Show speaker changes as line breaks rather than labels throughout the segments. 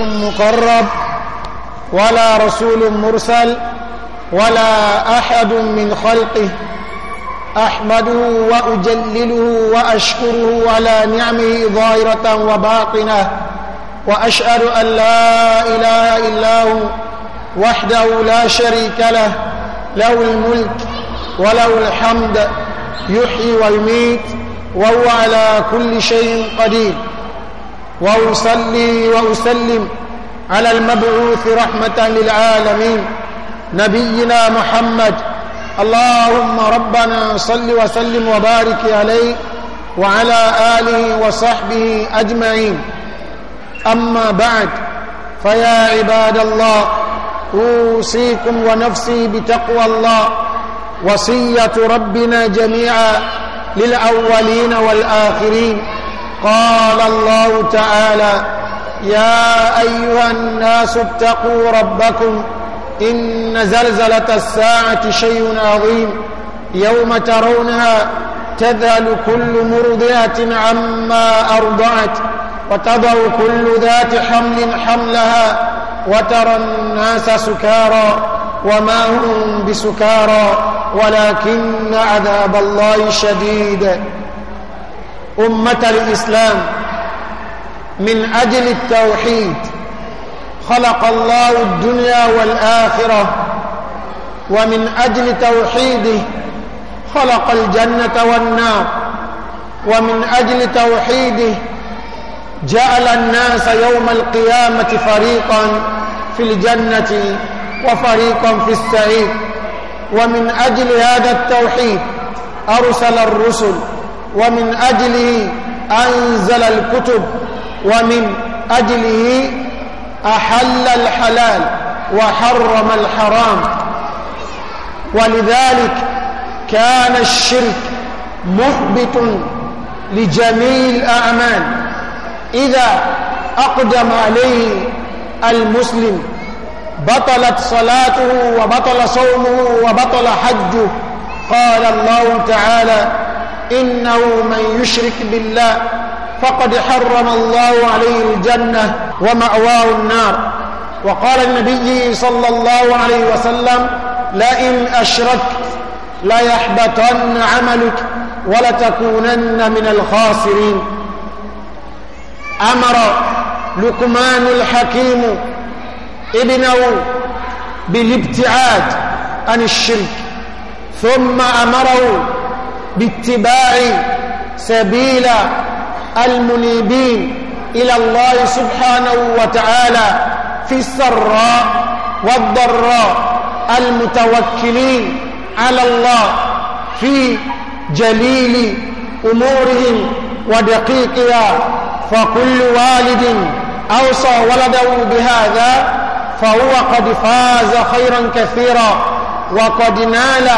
مقرب ولا رسول مرسل ولا أحد من خلقه أحمده وأجلله وأشكره على نعمه ظاهرة وباطنة وأشهد أن لا إله إلا هو وحده لا شريك له له الملك وله الحمد يحيي ويميت وهو على كل شيء قدير واصلي واسلم على المبعوث رحمه للعالمين نبينا محمد اللهم ربنا صل وسلم وبارك عليه وعلى اله وصحبه اجمعين اما بعد فيا عباد الله اوصيكم ونفسي بتقوى الله وصيه ربنا جميعا للاولين والاخرين قال الله تعالى يا أيها الناس اتقوا ربكم إن زلزلة الساعة شيء عظيم يوم ترونها تذهل كل مرضعة عما أرضعت وتضع كل ذات حمل حملها وترى الناس سكارى وما هم بسكارى ولكن عذاب الله شديد أمة الإسلام من أجل التوحيد خلق الله الدنيا والآخرة ومن أجل توحيده خلق الجنة والنار ومن أجل توحيده جعل الناس يوم القيامة فريقا في الجنة وفريقا في السعير ومن أجل هذا التوحيد أرسل الرسل ومن أجله أنزل الكتب ومن أجله أحل الحلال وحرم الحرام ولذلك كان الشرك مثبت لجميع الأعمال إذا أقدم عليه المسلم بطلت صلاته وبطل صومه وبطل حجه قال الله تعالى إنه من يشرك بالله فقد حرم الله عليه الجنة ومأواه النار وقال النبي صلى الله عليه وسلم لئن أشركت ليحبطن عملك ولتكونن من الخاسرين أمر لقمان الحكيم ابنه بالابتعاد عن الشرك ثم أمره باتباع سبيل المنيبين إلى الله سبحانه وتعالى في السراء والضراء المتوكلين على الله في جليل أمورهم ودقيقها فكل والد أوصى ولده بهذا فهو قد فاز خيرا كثيرا وقد نال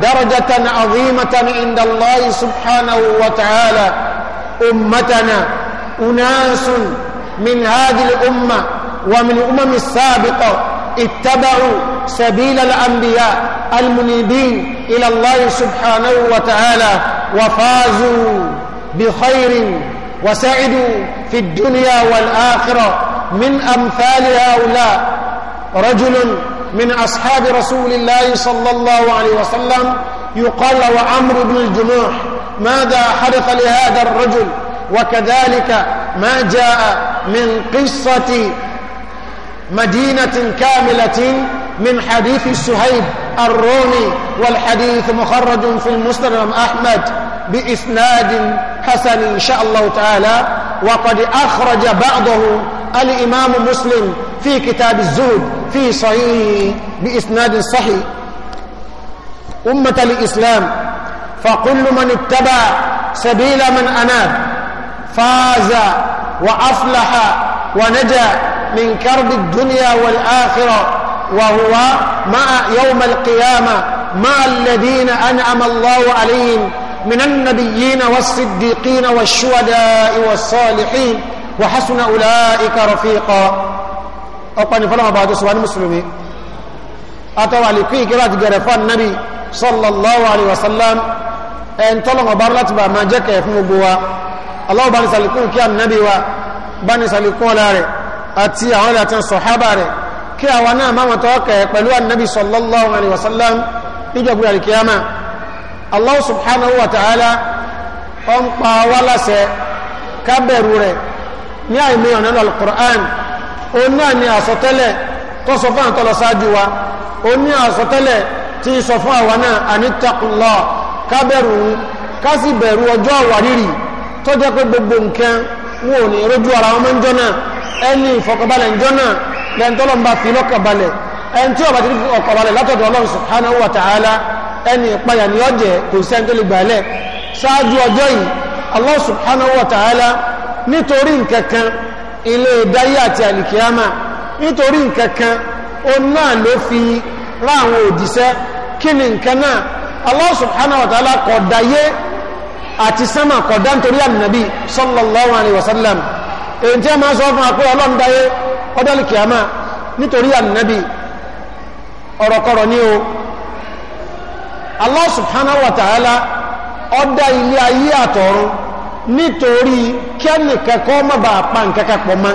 درجة عظيمة عند الله سبحانه وتعالى أمتنا أناس من هذه الأمة ومن الأمم السابقة اتبعوا سبيل الأنبياء المنيبين إلى الله سبحانه وتعالى وفازوا بخير وسعدوا في الدنيا والآخرة من أمثال هؤلاء رجل من أصحاب رسول الله صلى الله عليه وسلم يقال وعمر بن الجموح ماذا حدث لهذا الرجل وكذلك ما جاء من قصة مدينة كاملة من حديث السهيب الرومي والحديث مخرج في المسلم أحمد بإسناد حسن إن شاء الله تعالى وقد أخرج بعضه الإمام مسلم في كتاب الزهد في صحيح بإسناد صحيح أمة الإسلام فكل من اتبع سبيل من أناب فاز وأفلح ونجا من كرب الدنيا والآخرة وهو مع يوم القيامة مع الذين أنعم الله عليهم من النبيين والصديقين والشهداء والصالحين وحسن أولئك رفيقا ọ̀pá ní fọ́lọ́mọ̀ bá tó sọ wá ní mùsùlùmí àtọwà lè kí ìkẹ́rà ti gẹ̀rẹ̀ fún ànábì sallallahu alaihi wasallam ẹn tọ́lọ̀mọ̀ bá láti bá máa jẹ́kẹ̀ fún gbogbo wa aláwọ̀ bá ní sàlìkún kí ànábì wa bá ní sàlìkún rẹ̀ àti àwọn ilẹ̀ sọ̀hábà rẹ̀ kí àwa náà máa tọ́ kẹ̀ pẹ̀lú ànábì sallallahu alaihi wasallam níjọba ó náà ni àsọtẹ́lẹ̀ tó sọ fún àtọ́lọ sáájú wa ó ní àsọtẹ́lẹ̀ tí sọ fún àwa náà ànítàkùnlọ kábẹ̀rù ká sì bẹ̀rù ọjọ́ àwárìrì tó jẹ́ pé gbogbo nǹkan wọn ò ní rójú ara wọn mọ́jọ́ náà ẹni ìfọkànbalẹ̀ ńjọ́ náà lẹ́yìn tó lọ́nba fi lọ́kànbalẹ̀ ẹni tí ọba fi ọkànbalẹ̀ látọ̀dọ̀ ọlọ́run subhanahu wa ta'ala ẹni ìpayà ni ọjẹ́ kò sí ẹni tó lè gbàlẹ̀ ṣáájú ọjọ́ yìí allah subhanahu wa ta'ala nítorí nǹkan kan ilé ìdáyé àti àlìkíyàmà nítorí nǹkan kan ó náà ló fi rán àwọn òdìṣẹ́ kí ni nǹkan náà Allah subhanahu wa ta'ala kò dáyé àti sánmà kò dá nítorí ànábì sallallahu alayhi wa sallam èyí tí a máa sọ fún àpé ọlọ́run dáyé ilé ayé àtọ̀run nítorí kẹ́nìkan kọ́ má bá pa nǹkan kan pọ̀ mọ́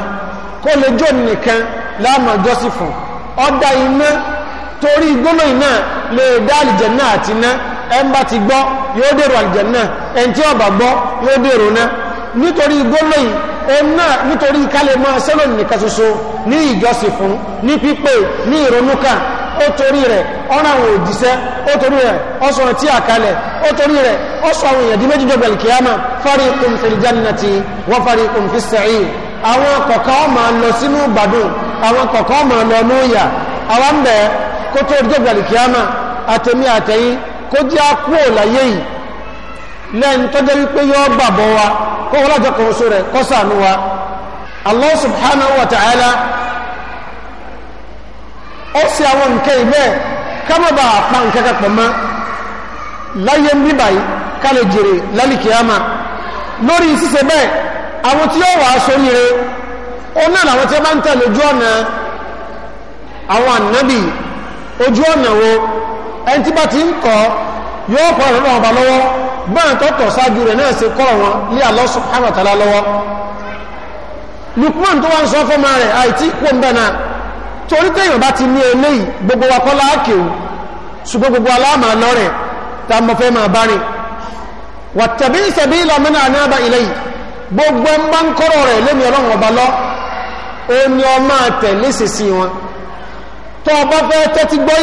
kó lè jó nìkan láàmú ọjọ́sí fún ọ̀dà iná torí gbólóyìn náà lè dá àlìjẹ̀nnà àti iná ẹ̀ ń bá ti gbọ́ yóò dèrò àlìjẹ̀nnà ẹ̀ ń tí ọ̀bà gbọ́ yóò dèrò náà nítorí gbólóyìn òun náà nítorí kálẹ̀ máa sẹ́lọ̀ nìkan ṣoṣo ní ìjọsìn fún ní pípé ní ìrònúkà ó torí rẹ̀ ọ̀nà àwọn òjíṣẹ́ ó torí rẹ̀ ọ̀sọ̀ tí a kalẹ̀ ó torí rẹ̀ ọ̀sọ̀ àwọn èèyàn di méjì jọ bẹ̀lì kìyàmà fariqun fil jannati wa fariqun fis sa'ir àwọn kọ̀ọ̀kan ọmọ lọ sínú gbádùn àwọn kọ̀ọ̀kan ọmọ lọ lóòyà Allah subhanahu wa ta'ala ó sì àwọn nǹkan ìbẹ́ kámọ́bà àpá nǹkan kapọ̀ mọ́ láyé ń bíbáyìí ká lè jèrè lálìkìyàmà lórí ṣíṣe bẹ́ẹ̀ àwọn tí ó wà á sóríire òun náà làwọn tí ó bá ń tẹ̀lé ojú ọ̀nà àwọn ànábì ojú ọ̀nà wo ẹni tí bá ti ń kọ́ yóò kọ́ ọ̀rọ̀ náà ọba lọ́wọ́ báyà tó tọ̀ ṣáájú rẹ̀ náà ṣe kọ́ wọn ní Allah subhanahu Lukman tó wá ń sọ fọ́mọ rẹ̀ àìtí kó ń bẹ̀ náà torí téèyàn bá ti ní eléyìí gbogbo wa kọ́lá ákèwò ṣùgbọ́n gbogbo aláàmà lọ́rẹ̀ tá mọ̀ fẹ́ máa bá rìn wàtàbí ìṣẹ̀bí ìlàmínà àníàbà eléyìí gbogbo ń bá ń kọ́rọ̀ rẹ̀ lémi ọlọ́run ọba lọ ó ní ọmọ àtẹ̀lé sísìn wọn tó o bá fẹ́ tẹ́tí gbọ́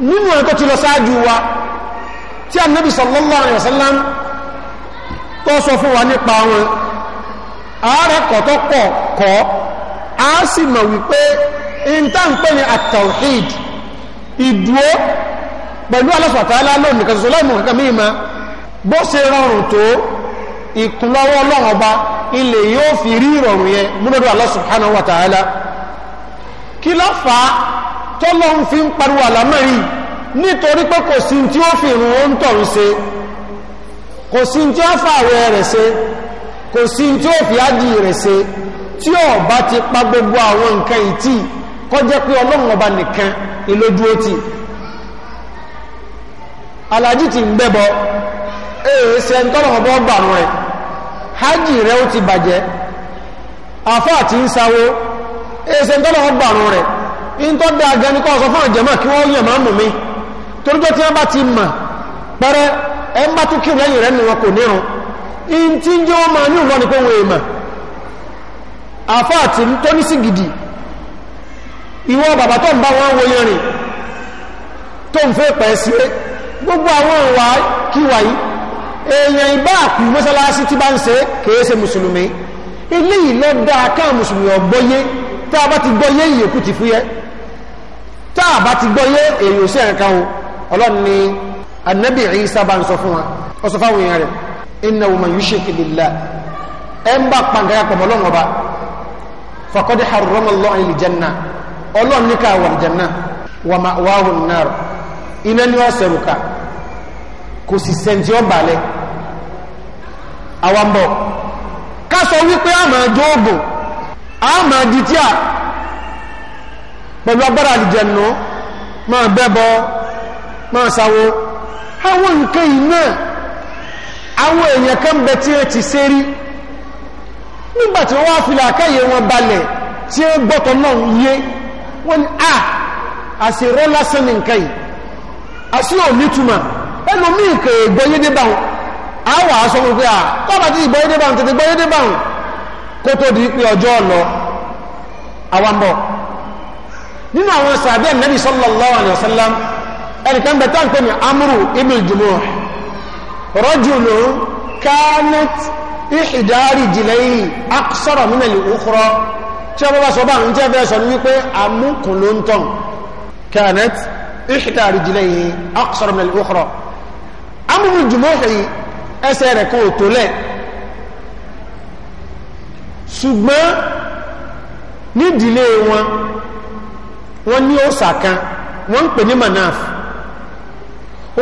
nínú ẹ̀kọ́ ti lọ sáájú wa tí Ànábì sallallahu alaihi wasallam tó sọ fún wa nípa wọn ààrẹ kọ̀tọ́ pọ̀ kọ́ a sì mọ̀ wípé ìntàǹpẹ́ ni at-tawhid ìdúó pẹ̀lú alásùwàtàálá lónìí kí ló fà tọ́lọ́run fi ń pariwo àlámẹ́rí nítorí pé kò sí tí ó fi ìrùn ó ń tọ̀run ṣe kò sí tí ó fàwẹ̀ rẹ̀ ṣe kò sí tí ó fi ájì rẹ̀ tí ó bá ti pa gbogbo àwọn nǹkan ìtì kọ́ pé ọlọ́run ọba nìkan ìlójú ó ti alájí ti ń gbẹ́bọ ṣe ń tọ́lọ́run ọba rẹ̀ ó ti bàjẹ́ àfáà ti in tó dá gan ní kọ́ sọ fún àjẹmọ́ kí wọ́n yàn máa mú mi toríjọ́ tí wọ́n bá ti mà pẹ́rẹ́ ẹ ń bá tún kírun lẹ́yìn rẹ̀ nù wọn kò nírun in tí ń jẹ́ wọ́n máa ní ìlọ ni pé wọ́n èèmà àfá àti tó ní sí gidi ìwọ bàbá tó ń bá wọn wo yẹn tó ń fẹ́ pẹ́ sí gbogbo àwọn ìwà kíwà yìí èèyàn ìbá àkù mọ́sálásí tí bá ń ṣe kèése mùsùlùmí ilé ìlọ́dà káà mùsùlùmí ọ̀gbọ́yé tá a bá ti gbọ́ yé ìyókù ti fúyẹ́ tá a bá ti gbọ́ yé èyàn sí ẹ̀ka wọn ọlọ́run ni anabi Isa bá ń sọ fún wa ó sọ fáwọn èèyàn rẹ̀ innahu man yushrik billah ẹ̀ ń bá pàǹkà pọ̀ ọlọ́run ọba faqad harrama Allahu al-janna ọlọ́run ní ká wà al-janna wa ma'wahu an-nar iná ni wọ́n sẹ̀rù ká kò sì sẹ́ntì ọba alẹ́ àwọn bọ̀ ká sọ wípé àmọ́ ọjọ́ ògùn ma àmà dìtíà pẹ̀lú agbára àlìjẹ̀nà máa bẹ́bọ máa sáwó àwọn nǹkan iná àwọn èèyàn kan bẹ tí ẹ ti ṣe rí nígbàtí wọ́n wá fìlà káyẹ wọn balẹ̀ tí ó gbọ́tọ̀ náà yé wọ́n ni a àṣírọ́ lásán ní nǹkan yìí àṣírọ́ nítumà ẹnu mí ìkẹ̀ ìgbọ́yédébáhùn àwọn àṣọ gbogbo à tọ́bàtí ìgbọ́yédébáhùn tètè gbọ́yédébáhùn kó tó di pé ọjọ́ ọ̀lọ́ awambo nínú àwọn sàbí ẹ̀nẹ́bí sallallahu alayhi wa sallam ẹnìkan bẹ̀ tán pé ní amúrù ibn jumuh rọ́jùlù kánẹ́t ìhìdárì jìlẹ́yìn akṣọ́rọ̀ mínàlì òkúrọ́ tí wọ́n bá sọ bá ń jẹ́ bẹ́ẹ̀ sọ ní wípé amúkùn ló ń tàn kánẹ́t ìhìdárì jìlẹ́yìn akṣọ́rọ̀ mínàlì òkúrọ́ amúrù jumuh ẹsẹ̀ rẹ̀ kan ò tó lẹ́ẹ̀ ṣùgbọ́n nídìílé wọn wọ́n ní òòsà kan wọ́n ń pè ní manaf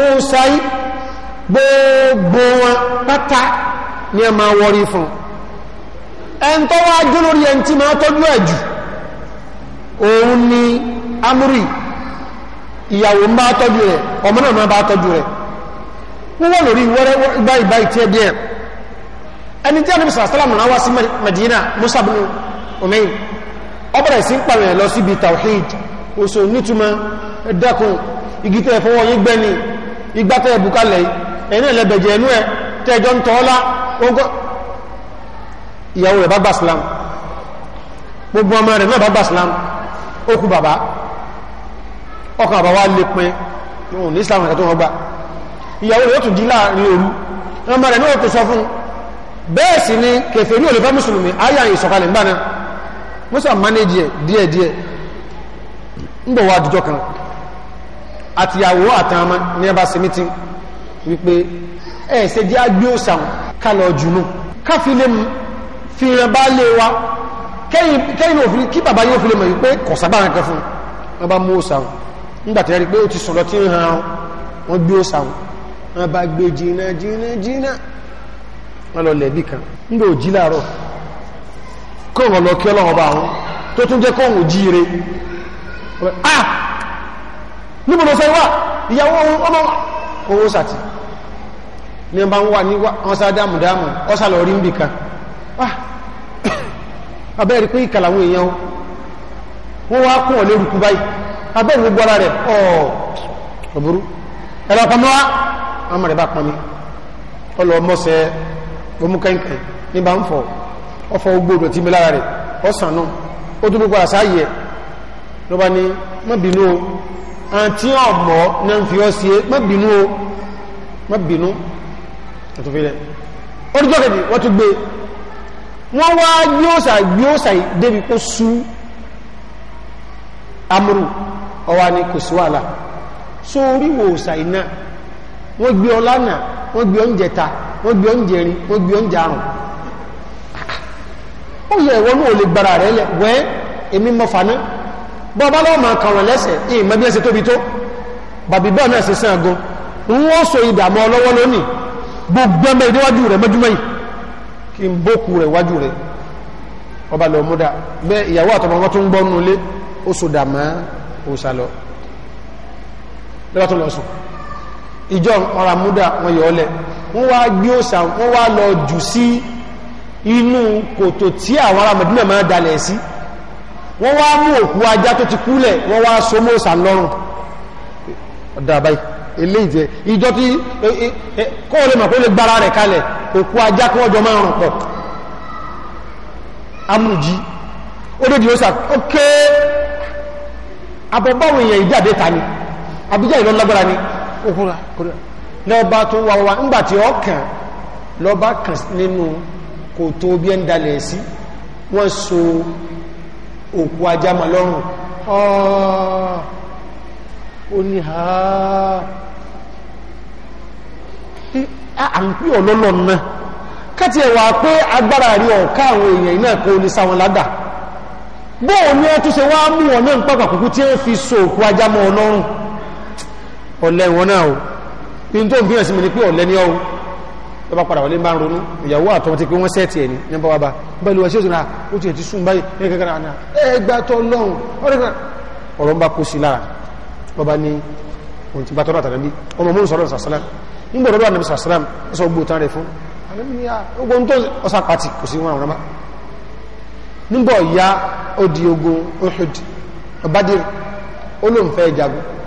òòsà yìí gbogbo wọn pátá ni ẹ máa wọrí fún ẹn tó wá jó lórí ẹn tí máa tọ́jú ẹ̀ jù òun ni amúrì ìyàwó ń bá tọ́jú rẹ̀ ọmọ náà bá tọ́jú rẹ̀ wọ́n lórí wẹ́rẹ́ báyìí tí ẹ díẹ̀ ẹni tí a níbi sàrásálàmù náà wá sí Madina Musa bin Umair ọbẹ̀rẹ̀ sí ń pàrẹ̀ lọ síbi tawhid oṣù nítumọ̀ ẹ̀dẹ́kùn igi tẹ́ fọwọ́ yí gbẹ́ni igbá tẹ́ bukalẹ̀ ẹ̀yìn ẹ̀lẹ́bẹ̀jẹ̀ ẹnu ẹ̀ tẹ́jọ ń tọ́ọ́lá ogó ìyàwó rẹ̀ bá gbà sílámù gbogbo ọmọ rẹ̀ islam ẹ̀kẹ́ tó wọ́n gbà ìyàwó rẹ̀ ó tún di láàrin òru ọmọ rẹ̀ náà tó sọ fún bẹ́ẹ̀ sì ni kẹfẹ́ ní olùfẹ́ mùsùlùmí ayà ìsọ̀kalẹ̀ ń bá náà manage ẹ̀ díẹ̀díẹ̀ ń bọ̀ wá àdújọ́ kan àtìyàwó àtàmà ní ẹbá sí mítí wípé ẹ̀ ṣe jẹ́ agbé òsàn kálọ̀ jùlọ káfí lè fi hàn bá lè wa kẹ́yìn òfin kí bàbá yóò fi lè mọ̀ wípé kọ̀ sábà rẹ̀ kan wọ́n lọ lẹ̀bí kan nígbà òjí láàárọ̀ kóhùn lọ kí ọba àwọn tó tún jẹ́ kóhùn jíire ah níbo lọ iya ìyàwó ọmọ owó sàtì ní ọba ń wà ní wọ́n sá dáàmù dáàmù lọ rí níbì kan ah abẹ́rẹ́ pé ìkàlà àwọn èèyàn wọ́n wá kún báyìí ló mú kẹ́ńkẹ́ ní bá ń fọ ọfọ gbogbo tí mi lára rẹ̀ ọ̀sán náà ó tó gbogbo àsáyẹ̀ ló bá ní má bínú o àti ọmọ náà ń fi ọ́ sí má bínú o má bínú ẹ̀tọ́fẹ́lẹ̀ oríjọ́ wọ́n tún gbé wọ́n wá gbíọ́sà gbíọ́sà wọ́n gbé ọ lánàá wọ́n gbé oúnjẹ ta wọ́n gbé oúnjẹ rin wọ́n gbé oúnjẹ àrùn ó yẹ ìwọ náà ò lè gbára rẹ lẹ èmi mọ fani bí tóbi tó bàbí náà ṣe sàn ń ìdààmú lónìí gbogbo rẹ yìí kí n bókù rẹ wájú rẹ ọba lọ múdà ìyàwó àtọmọ wọn tó ń ó so dàmọ́ ó lọ́wọ́ tó lọ sùn ìjọ ọ̀rà múdà wọn yọ ọlẹ̀ wọ́n wá gbé òsà wọ́n wá lọ jù sí inú kòtò tí àwọn ará mẹ́dínà máa dalẹ̀ sí wọ́n wá mú òkú ajá tó ti kúlẹ̀ wọ́n wá so mọ́ òsà lọ́rùn ọ̀dàbáyì ilé ìjẹ́ ìjọ tí e, e, e, kó lè mọ̀ kó lè gbára rẹ̀ kalẹ̀ òkú ajá kí wọ́n jọ máa rùn pọ̀ amújí ó dé di òsà ó ké èèyàn ìjáde ta ni àbíjà ìlọ́lágbára ni òfúnra lọ́ba tó wà wà ńgbàtí ọkàn lọ́ba kàn nínú kò tó bí ẹ ń dalẹ̀ sí wọ́n so òkú ajá mọ̀ lọ́rùn ó ní ha a ń pí ọlọ́lọ́ náà kẹ́tì ẹ̀ wà pé agbára rí ọ̀ká àwọn èèyàn iná kò ní sáwọn ládàá bóò ní ṣe wá mú ọ ń tí ó fi so òkú ajá ọ̀lẹ́ wọn náà o ní tó ń fi hàn sí mi ni pé ọ̀lẹ́ ni ọ́ tó bá padà wọlé bá ń ronú ìyàwó àtọ́ ti pé wọ́n sẹ́ẹ̀tì ẹ̀ ní nípa wàbá bá lu ẹ̀ṣẹ́ òsìn náà ó ti ẹ̀ ti sùn báyìí ní kankan náà ẹ gbà tọ́ lọ́hùn ọ̀rọ̀ ń bá kó sí lára ọba ní ohun ti bá tọ́lá tàbí ọmọ mú sọ̀rọ̀ sàṣálàm nígbà ọ̀rọ̀ ànàbí sàṣálàm ẹ̀sọ́ gbó tán rẹ̀ fún ah, ogun tó ọsà pàtì kò sí wọn àrùnmá nígbà ọ̀yá ó di ogun Uhud Badr olóǹfẹ́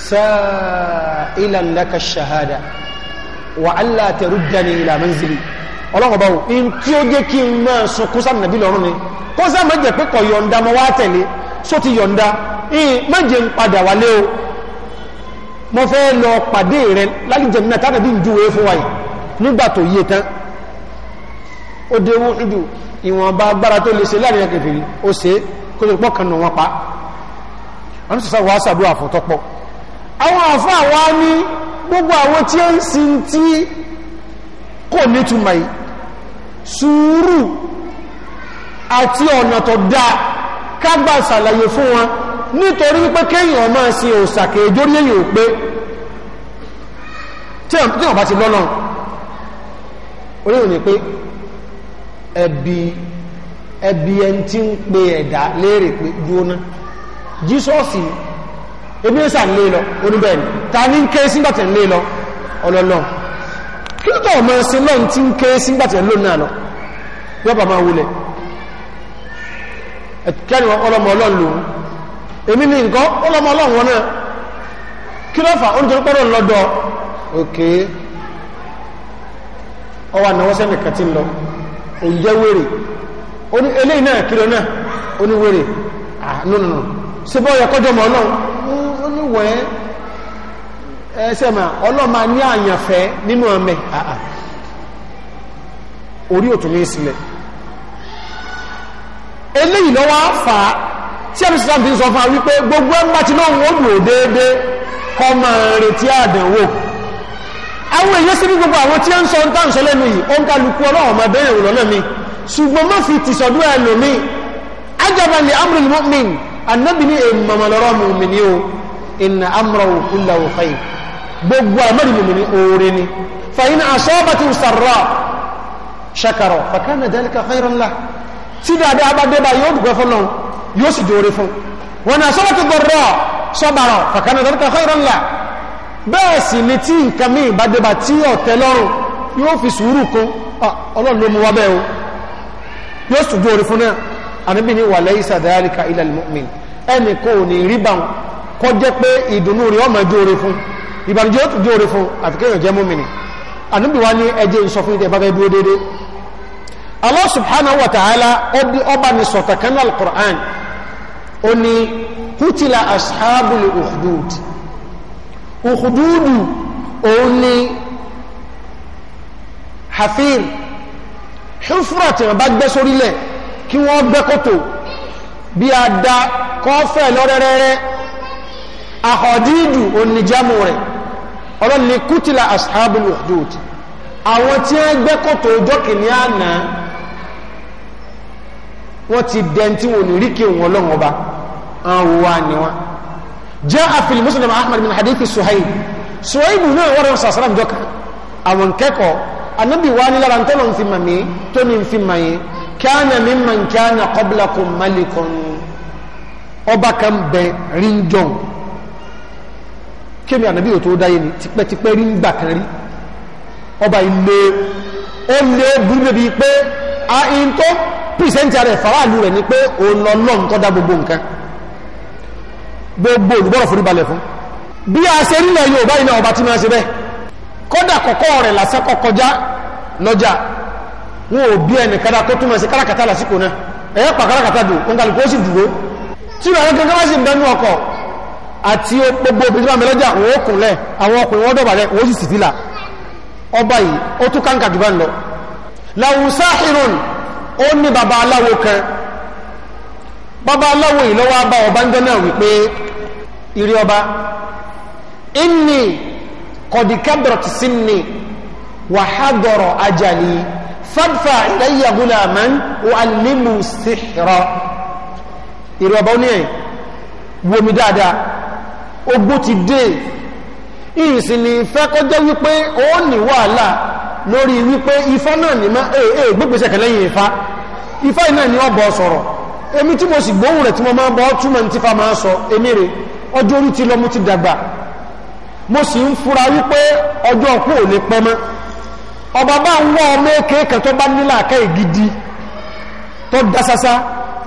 sa'ilan laka shahada wa alla taruddani ila manzili ọlọ́run bá wò in tí ó jẹ́ kí n máa sunkún sáà nàbí lọ́rùn ni kó sáà má jẹ́ pé kọ̀ yọ̀ǹda mọ́ wá tẹ̀lé só ti yọ̀ǹda in má jẹ́ ń padà wálé o mo fẹ́ lọ pàdé rẹ lálìjẹ̀ náà tánàbí ń júwèé fún wa yìí nígbà tó yé tán ó dé wọ́n ìdù ìwọ̀nba agbára tó lè ṣe láàrin akẹfẹ̀rí ó ṣe kó tó pọ̀ kan nù wọn pa àwọn sọ̀sọ̀ àwọn àfá àwọn ní gbogbo àwọn tí ó ń sin tí kò nítumọ̀ yìí sùúrù àti ọ̀nà tó dáa kágbà sàlàyé fún wọn nítorí pé kéèyàn máa sin òsàkè ìjórí èyàn ò pé tí wọ́n bá ti lọ́nà oríhùn ni pé ẹbí ẹbí ẹn tí ń pe ẹ̀dá léèrè pé dúóná jísọ́ọ̀sì ebi ẹ̀sà ń lé lọ oníbẹ̀ẹ̀ni ta ní ń ké sígbàtẹ̀ ń lé lọ ọlọ́lọ́ kí lọ́tọ̀ ọmọ ẹsẹ̀ náà ti ń ké sígbàtẹ̀ ń lò náà lọ yọba máa wulẹ̀ ẹ̀kẹ́ni ọlọ́mọ ọlọ́run lòun èmi ní nǹkan ọlọ́mọ ọlọ́run wọn náà kí lọ́fà onítorí pọ́dọ̀ lọ́dọ̀ òkè ọwọ́ ànáwọ́sẹ́ nìkan ti ń lọ òun jẹ́ wèrè eléyìí náà kí lọ náà oníwèrè ah no no no ṣe bọ́ ọ̀yọ́ kọjọ́ mọ́ ọlọ́run wẹ́ ma ọlọ́mà ní àyànfẹ́ nínú ọmẹ àà orí òtún ní ìsìnlẹ̀ eléyìí lọ́wọ́ fà á tí ẹ̀mí sísá fi ń sọ fún wípé gbogbo ẹ̀mbà tí náà wọ́n lò déédé kọ́ máa retí àdánwò àwọn èyí sí ní gbogbo àwọn tí a, ń sọ ń tàn sọ lẹ́nu yìí ó kálukú ọlọ́wọ́ máa lọ́lọ́ mi o inna amrahu kullahu khayr gbogbo àmọ́rin mùmìnì oore ni fa in asabatu sarra shakara fa kana dhalika khayran lah tí dáadáa bá dé bá yóò dùgbẹ́ fún náà yóò sì dóore fún wọn asabatu darra sabara fa kana dhalika khayran lah bẹ́ẹ̀ sì ni tí nǹkan míì bá dé bá tí ọ̀tẹ́ lọ́rùn yóò fi sùúrù kún ọlọ́run ló mú wá bẹ́ẹ̀ o yóò sì dóore fún náà àníbì ní wa laysa dhalika ila al-mu'min ẹnì kò ní kọ́ jẹ́ pé ìdùnnú rẹ̀ ọmọ ẹjọ́ rẹ̀ fún ìbànújẹ́ ó tún jẹ́ rẹ̀ fún àfikẹ́yàn jẹ́ múmìnì ànúbì wá ní ẹjẹ́ ìsọ fún ìtẹ̀bá fẹ́ dúró déédé Allah subhanahu wa ta'ala ọba ni sọ̀tà kanal Qur'an ó ní kutila ashabul bí a da kọ́fẹ́ lọ́rẹ́rẹ́rẹ́ àhọ̀dídù oníjámù rẹ̀ ọlọ́run ni kútìlà ashabul uhdud àwọn tí wọ́n gbẹ́ kòtò ọjọ́ kìíní àná wọ́n ti dẹn tí wọ́n ní rí kí wọn lọ́wọ́ bá àwọn wa ni wọn jẹ́ àfihàn muslim ahmad bin hadithi suhaib suhaib náà wọ́n rẹ̀ sàṣàràn jọ́ka àwọn kẹ́kọ̀ọ́ anábì wa ní ọba kan bẹ ríńjọ́n kémi ànábì òtó dáyé ni tipẹ́tipẹ́ rí ń gbà kan rí ọba ilé ó lé burú débi pé a in tó pìrìsẹ́ntì rẹ̀ faraàlú rẹ̀ ni pé òun lọ lọ́n tó dá gbogbo nǹkan gbogbo olùgbọ́rọ̀ forí balẹ̀ fún bí a ṣe nílẹ̀ Yorùbá iná ọba tí máa ṣe bẹ́ẹ̀ kódà kọ̀kọ́ rẹ̀ lásán kọkọjá lọ́jà wọn ò bí ẹnì kadà tó túmọ̀ sí káràkátà lásìkò náà ẹ̀yẹ́ pa dùn òǹkàlùkù ó sì dúró tí ìrọ̀lẹ́ kankan wá sí ń ọkọ̀ àti gbogbo obìnrin náà mẹ́lọ́jà wọ́n kùnlẹ̀ àwọn ọkùnrin wọ́n dọ̀bà rẹ̀ wọ́n sì sì fìlà ọba yìí ó tún káńkà jù bá ń lọ làwùsá irun ó ní baba aláwo kan baba aláwo yìí lọ́wọ́ bá ọba ń jẹ́ náà wípé ìrí ọba inni kọ̀dìkàbọ̀rọ̀ ti sí ni wàhádọ̀rọ̀ ajali fadfa ilayya gulaman wa alimu sihra ìrí ọba ní ẹ̀ wọ́n mi dáadáa ogbó ti dé ìsìn ni ìfẹ́ kọjẹ́ wípé ó ní wàhálà lórí wípé ifá náà ní má èè eh, èè eh, gbégbèsẹ̀ kẹlẹ́yìn ifá ifá náà ní ọbọ̀ sọ̀rọ̀ èmi tí mo sì gbóhùn rẹ̀ tí mo máa bọ́ túmọ̀ tí fa máa sọ èmi rè ọjọ́ ti lọ ti dàgbà mo sì ń fura wípé ọjọ́ ọkú ò lè pẹ́ mọ́ ọba bá ń wọ́ ọmọ bá nílà ká ìgidi tó dasasa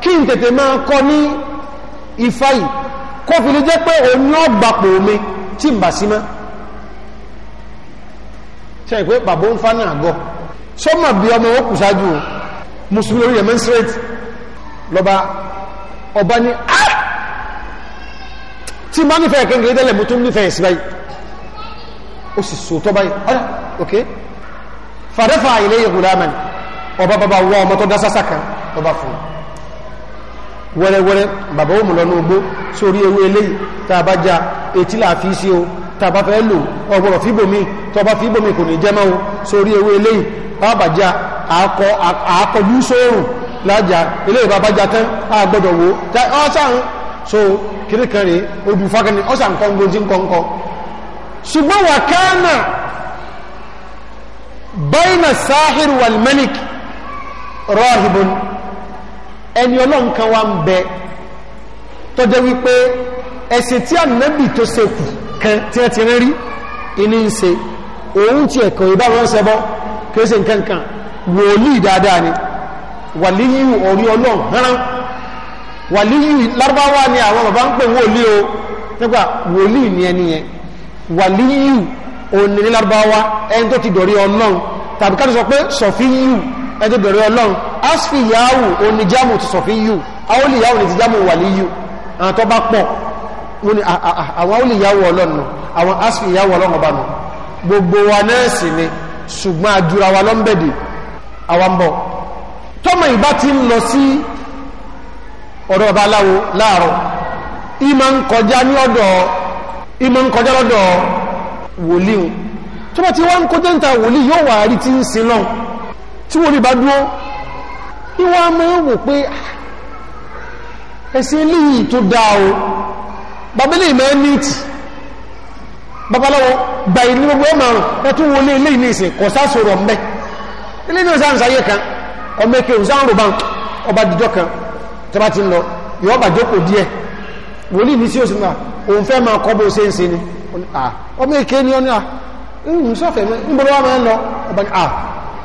kí n tètè máa ní ifá kó fi lè jẹ́ pé òun yóò gbapò omi tí ń bà sí mọ́ ṣe ìpé bàbá ń fánà àgọ́ sọ́mọ̀ bí ọmọ ó kù ṣáájú o mùsùlùmí lórí ẹ̀mẹ́ straight lọ́ba ọba ní á tí bá nífẹ̀ẹ́ kéńkéré tẹ́lẹ̀ mo tún nífẹ̀ẹ́ sí báyìí ó sì sòótọ́ báyìí ọ̀dà ok fàdẹ́fà ilé yẹ̀kùlá mẹ́rin ọba bàbá wọ ọmọ tó dá sásà kan lọ́ba fún un wẹ́rẹ́wẹ́rẹ́ bàbá ó mú lọ nógbó sórí ewé eléyìí tá a bá já etí là fi sí o tá a bá fẹ́ lò ọgbọ̀rọ̀ fíbòmí tó bá fíbòmí kò ní jẹ́mọ́ o sórí ewé eléyìí bàbá àkọjú sóòrùn lájà eléyìí bàbá tán a gbọ́dọ̀ wò ẹni ọlọ́run kan wá ń bẹ tó jẹ́ wípé ẹ̀sìn tí ànábì tó ṣe kù kan tí wọ́n ti rán rí iní ń ṣe òun ti ẹ̀kọ́ ìbá wọn kí ó ṣe nǹkan kan wòlíì dáadáa ni wàlíyù orí ọlọ́run rán wàlíyù lárúbáwá ni àwọn bàbá ń pè wòlíì o nígbà wòlíì ni ẹni yẹn wàlíyù òní ní lárúbáwá ẹni tó ti dọ̀rí ọlọ́run tàbí ká asfiyahu oníjàmù ti sọ̀fíyù awoliyahu ni ti jàmù wàlíyù àwọn tó bá pọ̀ wọ́n ni àwọn awoliyahu ọlọ́nu àwọn asfiyahu ọlọ́nu ọba nù gbogbo wa náà sì ni ṣùgbọ́n àjùra wa lọ́nbẹ̀dẹ̀ àwọn ń bọ̀ tọ́mọ ìbá ti ń lọ sí ọ̀dọ̀ ọba aláwo láàárọ̀ ìmọ̀ ń kọjá ní ọ̀dọ̀ ìmọ̀ ń kọjá lọ́dọ̀ wòlíhùn tó bá ti wá ń kọjá níta wòlíì yóò wà á ti ń sin lọ́hùn tí wòlíì bá dúró Iwu ama máa wò pé ah, ẹ̀sìn eléyìí tó dáa o babalẹ̀ ìmọ̀ ẹ́ níìtì babaláwo gbàyìn ní gbogbo ọmọ ẹtún wọlé eléyìí ní ìsìn kọ̀ sásòrò ọ̀mẹ́ ilé ní ọ̀sán ìsáyé kan ọmọ èké ọ̀sán ọba dìjọ́ kan tó bá ti lọ yọ́ bà jókòó díẹ̀ wòlíì ní sí òsì náà òun fẹ́ máa kọ́ ṣe ń ni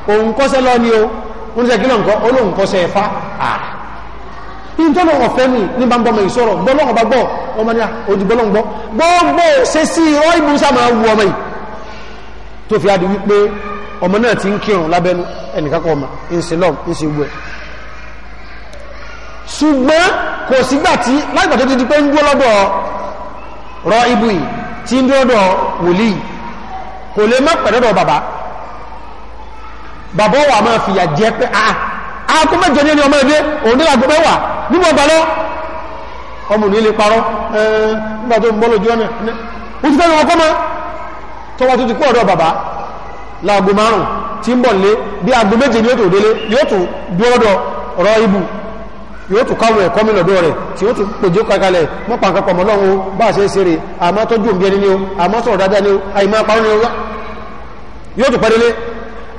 ọmọ ni ń oníṣẹ́kílẹ̀ nǹkan olóhùn kọ́ sẹ́ ẹ̀fá àà ìtọ́nà ọ̀fẹ́ mi ní bá ń bọ́ mẹ́yìn sọ̀rọ̀ gbọ́lọ́hùn bá gbọ́ ọmọ ní ojú gbọ́lọ́hùn gbọ́ gbogbo ṣe sí ìrọ́ ìbú sáma wu ọmọ yìí tó fi adi wípé ọmọ náà ti ń kírun lábẹ́nu ẹnìkákọ̀ ọmọ ìsìlọ́m ìsìwú ẹ̀ ṣùgbọ́n kò sígbà tí láìpẹ́ tó ti di pé ń dúró lọ́dọ̀ rọ ìbú yìí bàbá wa máa fìyà jẹ pé a ah, ah, aago mẹ́jọ ní ẹni ọmọ ẹgbẹ́ òun ní aago mẹ́wàá ní mo balọ ọmọ òní lè parọ́ ẹẹ nígbà tó ń bọ̀ lójú ọ̀nà ó ti fẹ́ lọ́wọ́ kọ́ mọ́ tọ́wọ́ tó ti kú ọ̀dọ̀ bàbá láago márùn tí ń bọ̀ lé bí aago méje ni yóò tó délé yóò tó dúrọ́dọ̀ ọ̀rọ̀ ibù yóò tún káwọn ẹ̀kọ́ mi lọ́dọ̀ rẹ̀ tí ó tún pèjó kakalẹ̀ mọ́pa nǹkan pọ̀ mọ́lọ́run bá ṣe é ṣeré àmọ́ tọ́jú òǹbí ẹni ni o àmọ́ sọ̀rọ̀ dáadáa ni o àìmọ́ apá ni o yóò tún pẹ́rẹ́lẹ́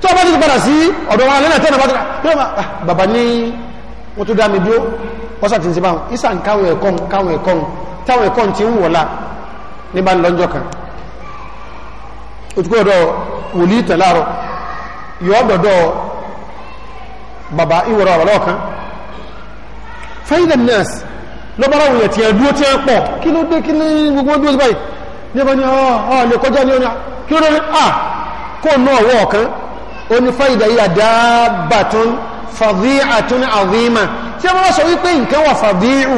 tó bá tún padà sí ọ̀dọ̀ wọn lẹ́nà tẹ́nà bá tún kí ah, bàbá ní wọ́n tó dá mi dúró wọ́n sàtì sí báwọn ìsà ń káwọn ẹ̀kọ́ káwọn ẹ̀kọ́ táwọn ẹ̀kọ́ ti ń wọ̀lá ní bá ń lọ́jọ́ kan òtùkọ́ ọ̀dọ̀ wòlí ìtàn láàrọ̀ yọ́ dọ̀dọ̀ bàbá ìwọ̀rọ̀ àwọn ọ̀kan fẹ́yìndẹ̀ nurse ló bára wòye tí ẹ̀ dúró tí ẹ̀ pọ̀ kí ló dé kí ní gbogbo dúró sí báyìí ní ẹbọn ni ọ̀ lè kọjá ní ọ̀nà kí ló dé ah kó náà wọ́ ọ̀kan onífàyìdà yìí àdábàtún fàdíàtún àdíma tí a máa sọ wípé nǹkan wà fàdíù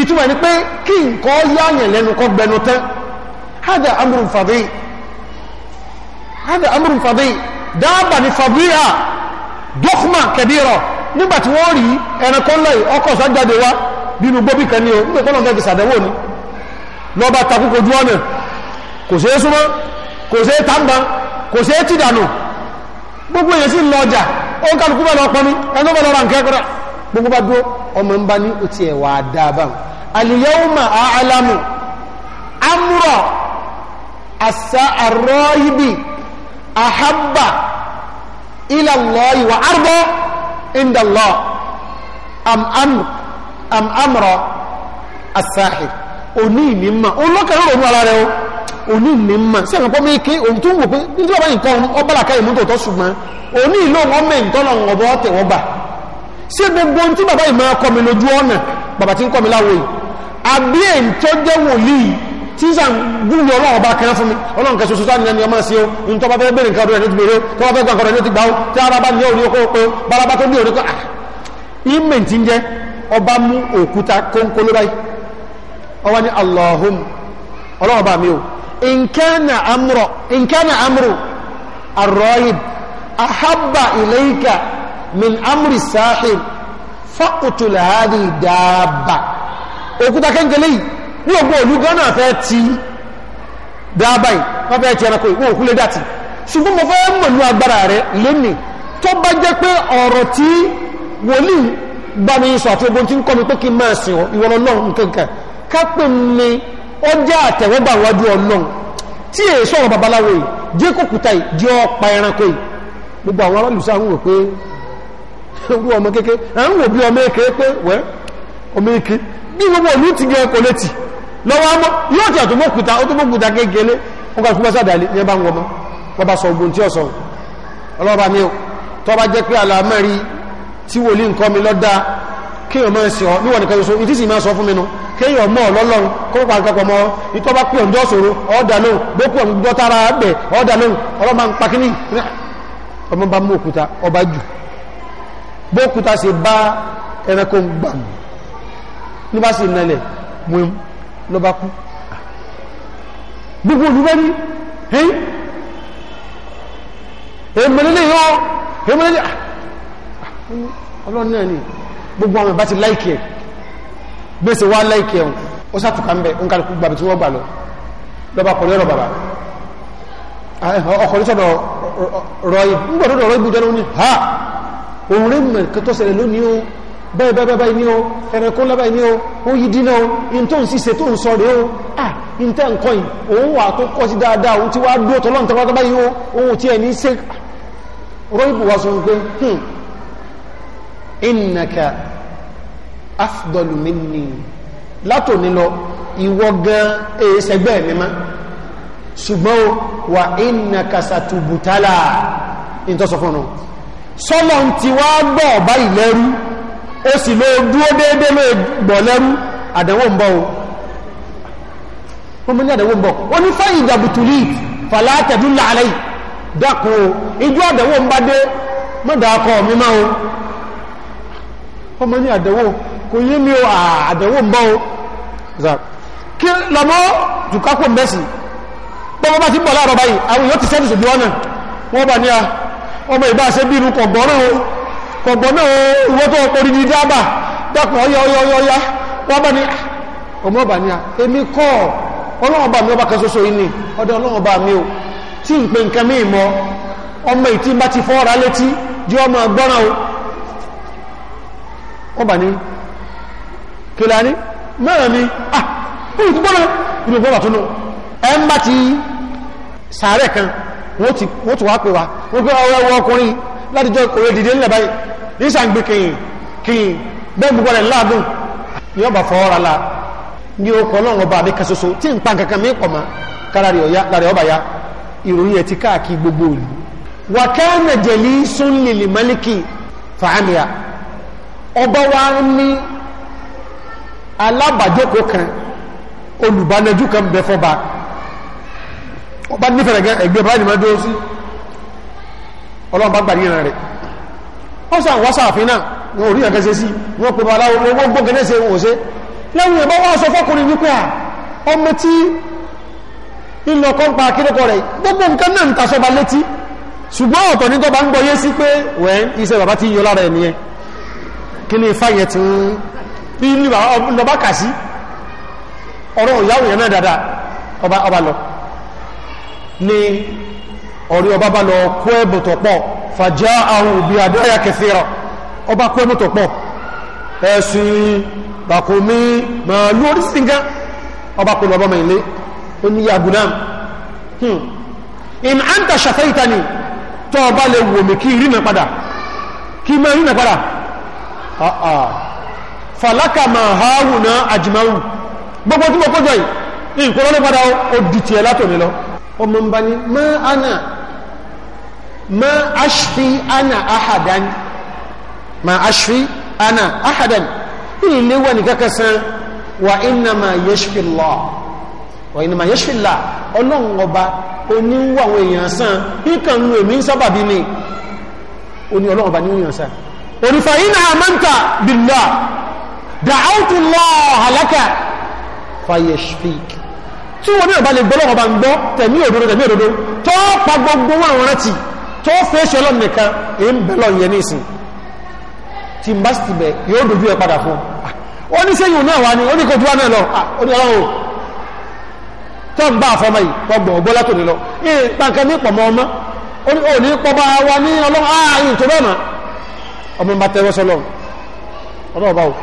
ìtumọ̀ ní pé kí nǹkan yáyàn lẹ́nu kọ́ gbẹnu tán hádà amúrùn fàdí hádà amúrùn fàdí dáàbà ní fàdíà dọ́kùmà kẹbíra nígbàtí wọ́n rí ẹranko ńlá yìí ọkọ̀ sọ́jáde wá bínú gbóbí kan ní o nígbà tọ́lọ̀ fẹ́ fi sàdẹ̀wò kò ṣeé tìdànù gbogbo èyàn sí lọ ọjà ó ń kálukú bá lọ pọnmi ẹni tó bá lọ ra nǹkan kọ́ra gbogbo bá dúró ọmọ ń bá ní o tiẹ̀ wà á dá a bá a'lamu amúrọ̀ àṣà àrọ́ ibi àhábà ila Allah wa arda inda Allah am amr òní ìní mà ó lọ́kàn ròmú o òní ní mọ̀ sẹ́yìn pọ́ mi kí òun tó ń wò pé nítorí ọba nǹkan ọba làkà ìmú tòótọ́ ṣùgbọ́n òní ìlú ọmọ mẹ́ǹtọ́lọ̀ ọ̀bọ̀ tẹ̀wọ́ bà ṣé gbogbo ohun tí bàbá ìmọ̀ akọ mi lójú ọ̀nà bàbá tí ń kọ́ mi láwo yìí àbí èyí tó jẹ́ wòlíì tí sàn gúnlẹ̀ ọlọ́run ọba kan fún mi ọlọ́run kan ṣoṣo sáà ní ọmọ sí o ní tó bá fẹ́ bèrè nǹkan ọdún rẹ̀ ní ti bèrè tó bá fẹ́ gbọ́n kọ́rọ̀ ní ti gbà ó tí ara bá ní òní okó pé ah. mi o إن كان أمر إن كان أمر الراهب أحب إليك من أمر الساحر فاقتل هذه الدابة òkúta kéńkélé yìí ní ògbó òlú gánà fẹ́ ti dáàbà yìí wọ́n fẹ́ ti ẹranko ìwọ̀n òkú lé dàtì ṣùgbọ́n mo fẹ́ mọ̀lú agbára rẹ̀ lónìí tó bá jẹ́ pé ọ̀rọ̀ tí wòlíì bá sọ àti ogun tí ń kọ́ mi pé kí n máa sìn ìwọ̀n ọlọ́run kankan ká pè ní ó jẹ́ àtẹ̀wọ́gbà wájú ọlọ́run tí èyí sọ̀rọ̀ babaláwo yìí jẹ́ kòkúta yìí jẹ́ ọ̀pá ẹranko yìí gbogbo àwọn alálùsá ń wò pé orú ọmọ kéke à ń wò bí ọmọ èké pé wẹ́ ọmọ èké bí gbogbo òlú ti gẹ ọkọ̀ létí lọ́wọ́ ọmọ yóò ti àtúmọ̀ kùtà ó tó mọ̀ kùtà tí ọ̀sán kéèyàn máa sìn ọ níwọ̀n nìkan ṣoṣo ìdí sì máa sọ fún mi nu kéèyàn mọ̀ lọ́lọ́run kó pa nǹkan mọ́ ìtọ́ bá pè ọ̀njọ́ ṣòro ọ̀dà lóhùn gbókù ọ̀njọ́ tára bẹ̀ ọ̀dà lóhùn ọlọ́ máa ń pa kíní ọmọ bá mú òkúta ọba jù bókúta sì bá ẹranko ń gbà mí ní bá sì nalẹ̀ mú un ló bá kú gbogbo olùgbé ní èmìlélẹ́yọ́ èmìlélẹ́yọ́ ah, ọlọ́run náà ni gbogbo àwọn ìbá ti láìkì ẹ̀ gbèsè wá láìkì ẹ̀ ó sàtùkà ń bẹ̀ ó ń kálukú gbàbí tí wọ́n gbà lọ lọ́ba pọ̀ lọ́rọ̀ bàbá ọkọ̀ ní sọ̀dọ̀ rọ̀ì nígbà tó rọ̀ì gbùdẹ́ lónìí ha òun rí mẹ̀ kí tó ṣẹlẹ̀ lónìí o báyìí báyìí báyìí ní o ẹ̀rẹ̀kọ́ lábàá ní o sọ rẹ̀ o in tẹ́ afdọ́lù mi nì látòní lọ ìwọ gan ẹ̀ẹ́sẹ̀gbẹ́ mi má ṣùgbọ́n o wà ìnà kàṣàtù bùtálà ìtọ́sọ fún un sọ́lọ̀ ti wá gbọ́ ọ̀bá ìlẹ́rú ó sì ló dúó déédé ló gbọ́ lẹ́rú àdánwò ń bọ̀ o wọ́n mú ní àdánwò ń bọ̀ ó ní fẹ́ ìjàbùtùlì fàlátẹ̀dú làálẹ́ dákun o ìjọ àdánwò ń bá dé mọ́dà akọ mi máa o wọ́n mú ní àdánwò kò yí mi o àdẹ̀wò ń bọ́ o kí lọ́mọ́ jùkápò mẹ́sì pọ́pọ́ bá ti bọ̀ láàrọ̀ báyìí àwọn yóò ti sẹ́dù sójú ọ̀nà wọ́n bá ní a ọmọ ìbá ṣe bí irú kọ̀gbọ́n náà kọ̀gbọ́n náà wọ́n tó orí ní dábà dákùn ọyá a èmi kọ́ ọlọ́run bá mi ọba kan ṣoṣo yìí ni ọdọ ọlọ́run o tí n pe nǹkan mí mọ ti fọ́ ọ̀rá létí o wọ́n bá ní kílá ní náà ni ah ọrụ ìrùgbọ́nà tó nù bá ti sàárẹ̀ kan wọ́n ti wá pè wá wọ́n pé ọwọ́ ọwọ́ ọkùnrin láti jọ òwe nílẹ̀ báyìí ní sàǹgbé gbogbo pa gbogbo ọba wa ní alábàjókò kan olùbánájú kan bẹ fọba ọba nífẹ̀ẹ́ ẹgbẹ́ báyìí máa dúró sí ọlọ́run bá gbà níran rẹ̀ wọ́n sàn wọ́n sàfin náà wọn ò rí ẹ̀kẹ́ ṣe sí wọn pè bá aláwọ̀ owó gbọ́gẹ́lẹ́ ṣe wọ́n ṣe lẹ́yìn ẹ̀bá wọ́n pa akérèkọ rẹ̀ gbogbo nǹkan náà ń ta sọba létí ṣùgbọ́n ọ̀tọ̀ ní tó bá ń gbọ́yé sí pé wẹ́n iṣẹ́ bàbá ti ní lọ́bá kà sí ọ̀rọ̀ ìyáwó yẹn náà dáadáa ọba ọba lọ ní ọ̀rẹ́ ọba bá lọ kó ẹ̀bùn tó pọ̀ fàjá àwọn òbí àdáyà kẹfìrà ọba kó ẹ̀bùn tó pọ̀ ẹ̀sìn bàkómi màálù orísìí ọba kó lọ́bọ́ mẹ́lẹ́ ó ní ya hmm. shafaitani tó ọba lè wò mí kí rí mi padà kí mẹ́rin mi padà ah, ah fàlákà máa háàwù náà àjìmáwù gbogbo tí mo kójọ yìí nǹkan lọ́lẹ́ padà ó di tiẹ̀ látòmí lọ ọmọ ń bá ní má ana má ashfi ana ahadan má ashfi ana ahadan ilé wà ní kẹ́kẹ́ sán wà innama yashfi Allah wà innama yashfi Allah ọlọ́run ọba oníwà àwọn èèyàn sán nǹkan nu èmi sábàbí ni oní ọlọ́run ọba níwò èèyàn sán onífàyín náà mọ́ntà دعوت الله لك فيشفيك. tí wọ́n ní ọ̀bá lè gbọ́ lọ́wọ́ bá ń gbọ́ tẹ̀mí òdodo tẹ̀mí òdodo tó pa gbogbo wọn àwọn rántí tó fẹ́ ṣe ọlọ́run nìkan èyí ń bẹ̀ lọ yẹn nísìn tí n bá sì ti bẹ̀ yóò dojú ẹ padà fún ó ní sẹ́yìn náà wá ní ó ní kojú wa náà lọ ó ní ọlọ́run tó ń bá àfọmọ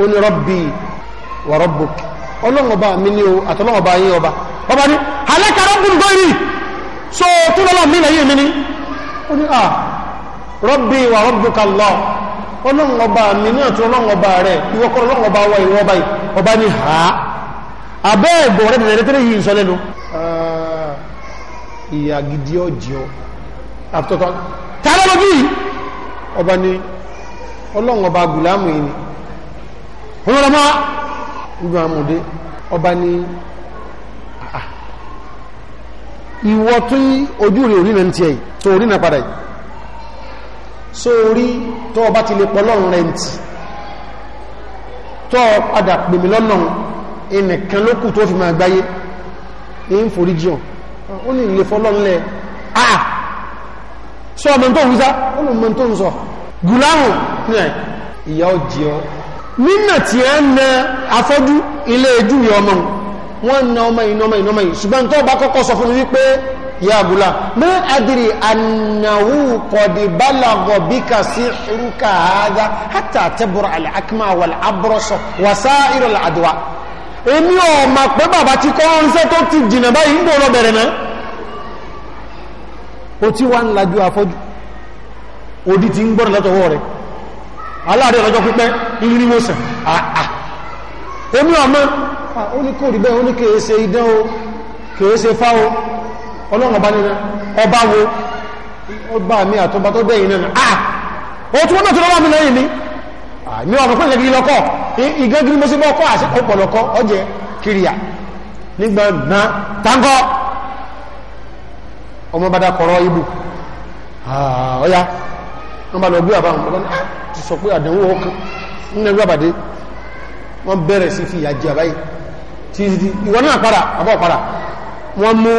ó ní rọ́bì wà rọ́bùk ọlọ́ngọba mi ní o àtọ́lọ́ngọba yín ọba ọba ní alẹ́ka rọ́bùn gbọ́yì so tó lọ́lọ́ mi lẹ́yìn mi ní ó ní à rọ́bì wà rọ́bùk Allah ọlọ́ngọba mi ní àti ọlọ́ngọba rẹ̀ ìwọ́kọ́ ọlọ́ngọba wa ìwọ́ ọba yìí ọba ní ha abẹ́ ẹ̀gbọ́n rẹ̀ tẹ̀lé tẹ́lẹ̀ yìí sọ lẹ́nu ah, ìyá gidi ọjọ́ àtọ́tọ́ tààrà lọ ọba ní ọlọ́ngọba gùlámù yìí òun lọ́mọ́ ìgbà àmúdé ọba ní ah, ah. ìwọ tún ojú rẹ̀ orí náà ti ẹ̀ tó orí náà padà yìí so orí tó ọba ti lè pọ̀lọ́run rẹ̀ tó padà pèmí lọ́nà ẹnìkan ló tó fi máa gbáyé ní ń ó ní ilé fọlọ́nlẹ̀ ah, ah sọ ọmọ tó ń wúzá ó lòun mọ tó ń ìyá ọ̀jẹ̀ nínà tí ẹ ń na afọ́jú ilé ẹjú yọ ọmọ wọn na ọmọ iná ọmọ iná ọmọ yìí ṣùgbọ́n tó bá kọ́kọ́ sọ fún mi wípé ya abúlá mẹ́ adìrì ànàwó kọ̀dì bálàgọ̀ bí kà sí irúkà àádá hátà tẹ́bùrọ̀ àlẹ́ akímà wà lábúrọ̀sọ̀ wà sá ìrọ̀ àdùwà èmi ò pé bàbá ti kọ́ ọ́nṣẹ́ tó ti jìnà báyìí ń bò lọ bẹ̀rẹ̀ náà o ti wá ń lajú afọ́jú odi ti ń gbọ́dọ̀ látọwọ́ rẹ̀ aláàrẹ ọlọ́jọ́ pípẹ́ ìlú ní mọ́sàn àà ah, omi ah. ọmọ ah, ó ní kò rí bẹ́ẹ̀ ó ní kèé ṣe idán o kèé ṣe fá o ọlọ́run ọba nínú ọba wo ọba mi àtọba tó dẹ̀yìn náà àà ó tún wọ́n tó lọ́wọ́ mi lẹ́yìn mi àmì ọmọ pẹ̀lú ìgbìyànjú lọ́kọ̀ ìgẹ́gìrì mo sì bọ́ ọkọ̀ àti ọ̀pọ̀lọkọ̀ ọjẹ́ kiriya nígbàgbà táńkọ́ ọmọ bàdà kọ̀rọ̀ ibù ọ̀ya ah, wọ́n bá lọ gbé àbáwọn ọ̀pọ̀ náà ah, ti sọ pé àdánwò ọkàn nínú ẹgbẹ́ àbàdé wọ́n bẹ̀rẹ̀ sí fi ìyàjẹ́ àbáyé tí ìdí ìwọ náà padà àbọ̀ padà wọ́n mú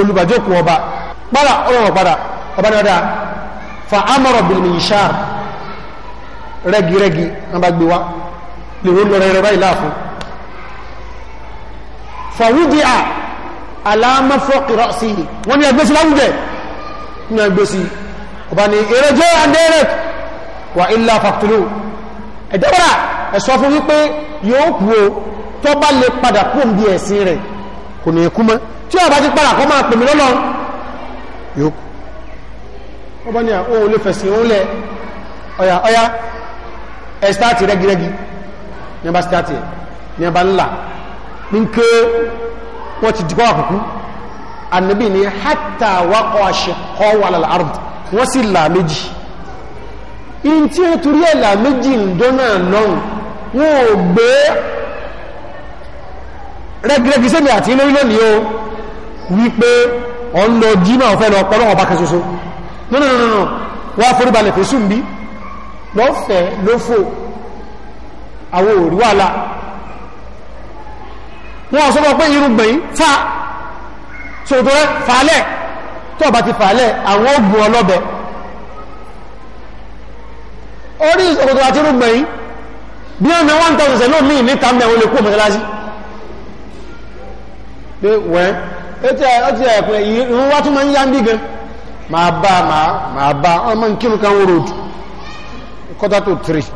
olùbàjókòó ọba padà ọlọ́wọ̀ padà ọba dáadáa fa amọ̀rọ̀ bìnrin ìṣàr rẹ́girẹ́gi wọ́n bá gbé wá lè wọ́n lọ rẹ̀rẹ̀ báyìí láàfún ọba ni ìrẹjọ́ andẹ́rẹ̀t wà ilá fàktúlù ẹ̀dẹ́bàrà ẹ̀sọ́ fún wípé yóò kú o tó bá lè padà kú òmìnir ẹ̀sìn rẹ̀ kò ní ikú mọ́ tí ọba ti padà kọ́ máa pèmí lọ́lọ́ yóò kú ọba ni àwọn olè fẹ̀sìn òun lẹ wọ́n sì là méjì in tí ó torí ẹ̀là méjì ń dọ́nà lọ́rùn wọ́n ò gbé rẹ́gírẹ́gì sẹ́mi àti ilé ilé ni ó wípé ọ̀n lọ jí náà fẹ́ lọ pọ́lọ́ ọba kẹsọsọ no no no no wọ́n á forúbalẹ̀ fèsù ń bí lọ́fẹ̀ lófò àwọn òrí wàhálà wọ́n sọ pé irúgbìn fa sòtò rẹ̀ falẹ̀ tó ọba ti fàálẹ̀ àwọn ogun ọlọ́bẹ orí ìsọ̀kòtò àti rúgbẹ̀ yìí bí ó na wọ́n tọ́sẹ̀ ló mí ní tàmẹ̀ olè kú mọ́sálásí pé wẹ́n ó ti ẹ̀kùn ìrún wá tún máa ń yá ń bí gan máa bá máa bá ọmọ nkírun kan wó road quarter to three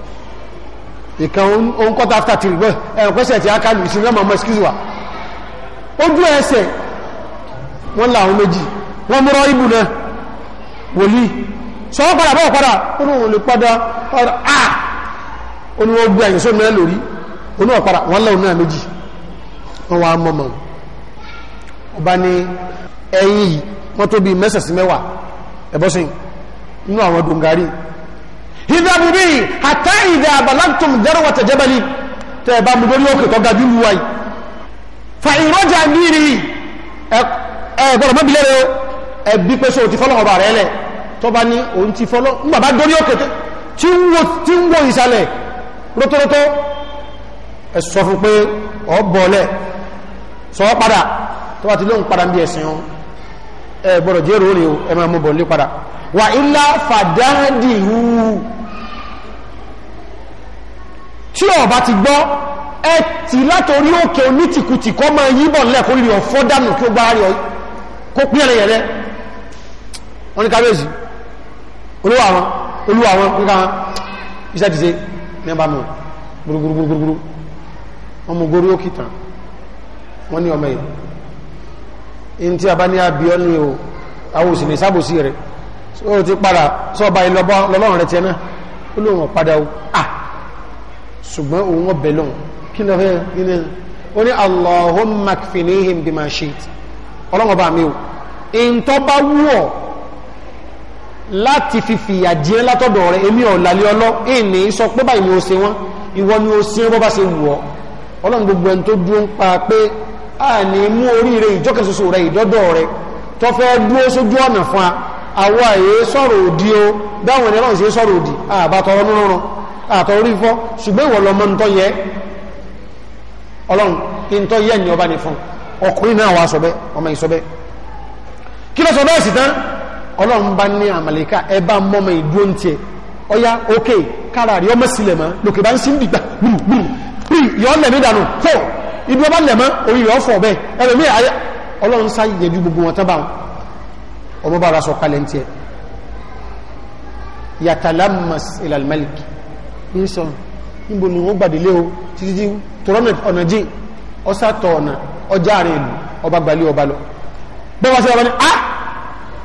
ìkan òun quarter after three bẹ́ẹ̀ ẹ̀rùn pẹ́sẹ̀ ti ákàlù ìsinmi ọmọ ọmọ excuse wa ojú ẹsẹ̀ wọ́n là àwọn méjì wọ́n mú rọ́ìbù náà wòlíì sọ wọ́n padà bọ́ padà wọ́n lòun lè padà ọ̀rọ̀ à ah! ó ní wọ́n gbé àyẹ̀sọ́ mẹ́rin lórí oní ọ̀padà wọ́n lẹ́wọ̀n náà méjì wọ́n wá mọ́ mọ́ ọba ní ẹ̀yìn yìí wọ́n tó bí mẹ́sàn sí mẹ́wàá ẹ̀bọ́sìn inú àwọn dùngárì ìdàbù bí àtà ìdà àbàlántùm dẹ́rọ̀wà tẹ̀jẹ́bẹ̀lì tẹ́ ẹ̀bá mú lórí òkè tọ́ga jù wáyì fa ìrọ́jà níri ẹ̀gbọ́n mọ́bìlẹ́rẹ́ ẹbí pé sóò ti fọ́lọ́wọ́ bà rẹ̀ lẹ̀ tó bá ní òun ti fọ́lọ́ ń bàbá dórí òkè tí ń wo tí ń wo ìsàlẹ̀ rótórótó ẹ sọ fún pé ọ bọ̀ọ̀lẹ̀ sọ padà tó bá ti lóun padà bí ẹ̀sìn wọn ẹ gbọ́dọ̀ jẹ́rò rè o ẹ máa mú bọ̀ọ̀lẹ̀ padà wà ilá fàdáàdì hù tí ọba ti gbọ́ ẹ ti látorí òkè onítìkùtì kọ́ máa yíbọ̀ lẹ́kọ̀ọ́ rí ọ fọ́ dànù kí ó gbára rí ọ kó pín ẹ̀rẹ̀yẹ̀rẹ̀ wọ́n ní kábíyèsí olúwa wọn olúwa wọn ní káwọn iṣẹ́ ti ṣe ní ẹbá mọ̀ gbúrúgbúrúgbúrú wọ́n mú gorí òkè tán wọ́n ní ọmọ yìí ní tí a bá ní abíọ́ ní o àwọn òsì ní sábòsí rẹ̀ ó ti padà sọ́ọ̀bá ìlọ́lọ́run rẹ̀ tiẹ̀ náà ó lóun ọ̀padà o ah ṣùgbọ́n òun ọbẹ̀ lọ́hùn kí ló fẹ́ nínú ó ní Allahumma kfinihim bima shit ọlọ́run ọba mi o ìǹtọ́ bá wú láti fi fìyà jẹ látọ̀dọ̀ rẹ̀ èmi ọ̀làlẹ́ ọlọ́ ìní sọ pé báyìí ni ó ṣe wọ́n ìwọ ni ó ṣe wọ́n bá ṣe wù ọ́ ọlọ́run gbogbo ẹni tó dúró ń pa pé a ní mú oríire ìjọkẹ̀soso rẹ̀ ìdọ́dọ̀ rẹ̀ tó fẹ́ dúró sójú ọ̀nà fún a àwa èyí sọ̀rọ̀ òdì o báwọn ẹni ọlọ́run ṣe sọ̀rọ̀ òdì àbátọrọ nírọ̀rùn àtọrọ orí fọ́ ṣùgbọ́n ìwọ lọmọ ntọ́ yẹ ọlọ́run ntọ́ yẹ ni ọba ní fún ọkùnrin náà wà sọ bẹ́ẹ̀ ọmọ ìsọ bẹ́ẹ̀ kí ló sọ bẹ́ẹ̀ sì tán ọlọ́run bá ní àmàlẹ́ká ẹ bá mọ́mọ́ ìdúró ń tiẹ̀ ọya òkè kára rí ọmọ sílẹ̀ mọ́ lòkè bá ń sí ń dìgbà gbùrùgbùrù pí yọ lẹ̀mí dànù tó ibi ọba lẹ̀mọ́ orí yọ fọ̀ bẹ́ẹ̀ ẹlòmí ayé ọlọ́run sá yẹjú gbogbo wọn tán bá wọn ọmọ bá ra sọ kalẹ̀ ń tiẹ̀ yatalamas ilal malik ń sọ níbo ni wọ́n gbàdílé o títí tọrọ́nà ọ̀nà ah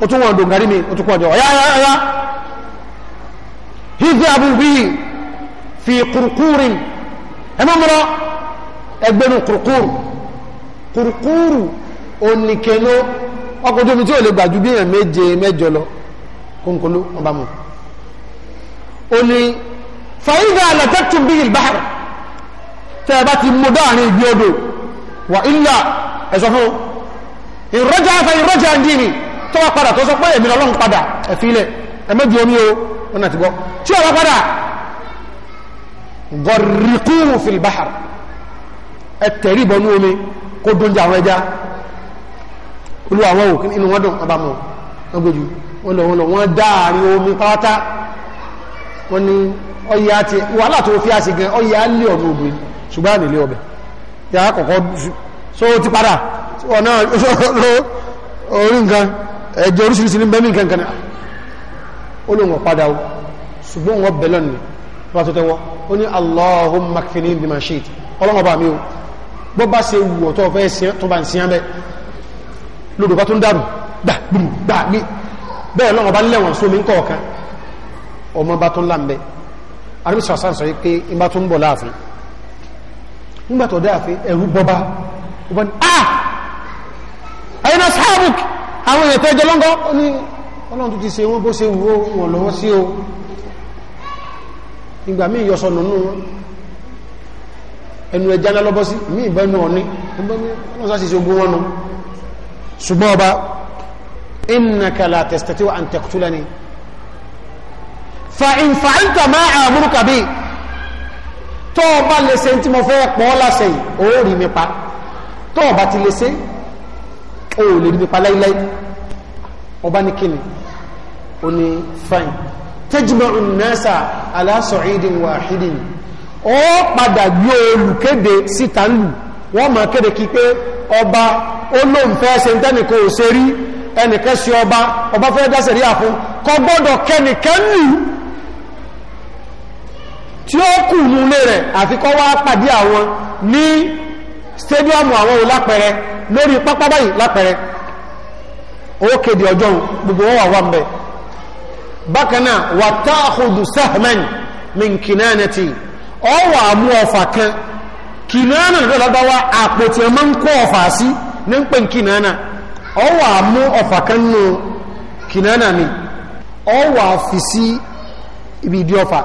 ó tún wọn dòǹgarí mi ó tún kọ́ ọjọ́ ọ̀yá ọ̀yá ọ̀yá hídí abúbí fi kùrùkùrù ẹ mọ́ mọ́rọ́ ẹgbẹ́nu kùrùkùrù kùrùkùrù oníkẹ́nu ọkọ̀ tóbi tí ò lè gbàjú bí èèyàn méje mẹ́jọ lọ kónkóló wọn bá mú ó ní bí ìbáhàrà tẹ́ ẹ bá ti mú dáàrin ìgbé odò wà ilà ẹ̀sọ́ fún ìrọ́jà fẹ́ ìrọ́jà dìní tó wá padà tó sọ pé èmi lọ́lọ́run padà ẹ̀fílẹ̀ ẹ̀mẹ́jì omi o ọ̀nà ti gbọ́ tí ọ̀rọ̀ padà gọ̀rìkúrù filibahar ẹ̀tẹ̀rí ìbọnú omi kó dóúnjẹ àwọn ẹja olú àwọn òkú inú wọn dùn ọba mọ wọn gbójú wọn lọ wọn lọ wọn dá àárín omi pátá wọn kọ̀kọ́ so ti padà ọ̀nà orí nǹkan ẹjọ́ oríṣiríṣi ní bẹ́mí kankan ó lóun ọ̀padà o ṣùgbọ́n wọn bẹ̀lọ́ ni wọ́n tó tẹ́wọ́ ó ní Allahumma kfini bima shit ọlọ́wọ́ bá mi o bọ́ bá ṣe wù ọ̀tọ́ fẹ́ tó bá ń siyan bẹ́ lódò bá tó ń dàrú gbà gbùrù gbà mí bẹ́ẹ̀ lọ́wọ́ bá lẹ́wọ̀n sómi ń kọ̀ọ̀kan ọmọ àwọn èèyàn tẹ́jọ lọ́ngọ́ ó ní ọlọ́run tó ti ṣe wọ́n bó ṣe wù wọ́n lọ́wọ́ sí o ìgbà míì yọ sọnù nù ẹnu ẹja ńlá lọ́bọ́ sí mí ìbọn ẹnu ọ̀ní ọlọ́run sá sì ṣe ogun wọn nù ṣùgbọ́n ọba innaka la tastati wa an taqtulani fa in fa'alta ma amuruka bi tó ọba lè ṣe tí mo fẹ́ pọ́ láṣẹ ó rí mi pa tó ti lè ṣe ó lè rí nípa láíláí ọba ní kíni ó ní fine tẹ́jìmọ̀ ìnáṣà aláṣọ̀ ìdín wà ìdín ó padà gbé olùkéde síta lù wọ́n máa kéde kí pé ọba ó lóun fẹ́ ṣe tẹ́nìkan ò ṣe rí ẹnìkan sí ọba ọba fẹ́ dáṣẹ̀ rí àfún kò gbọ́dọ̀ kẹ́nìkan tí ó kù nílé rẹ̀ àfikọ́ wá pàdé àwọn ní Stadiumu àwọn ò lápẹrẹ lórí pápá báyìí lápẹrẹ owó kéde ọjọ́ gbogbo wọn wà wà mbẹ bákan náà wà tá sahman min kinanati ọ wà mú ọfà kan kinana lọ́dọ̀ lọ́dọ̀ wa àpótí ẹ̀ máa ń kó ọfà sí ní ń pè kinana ọ wà mú ọfà kan nù kinana ni? ọ wà fi sí ibi ìdí ọfà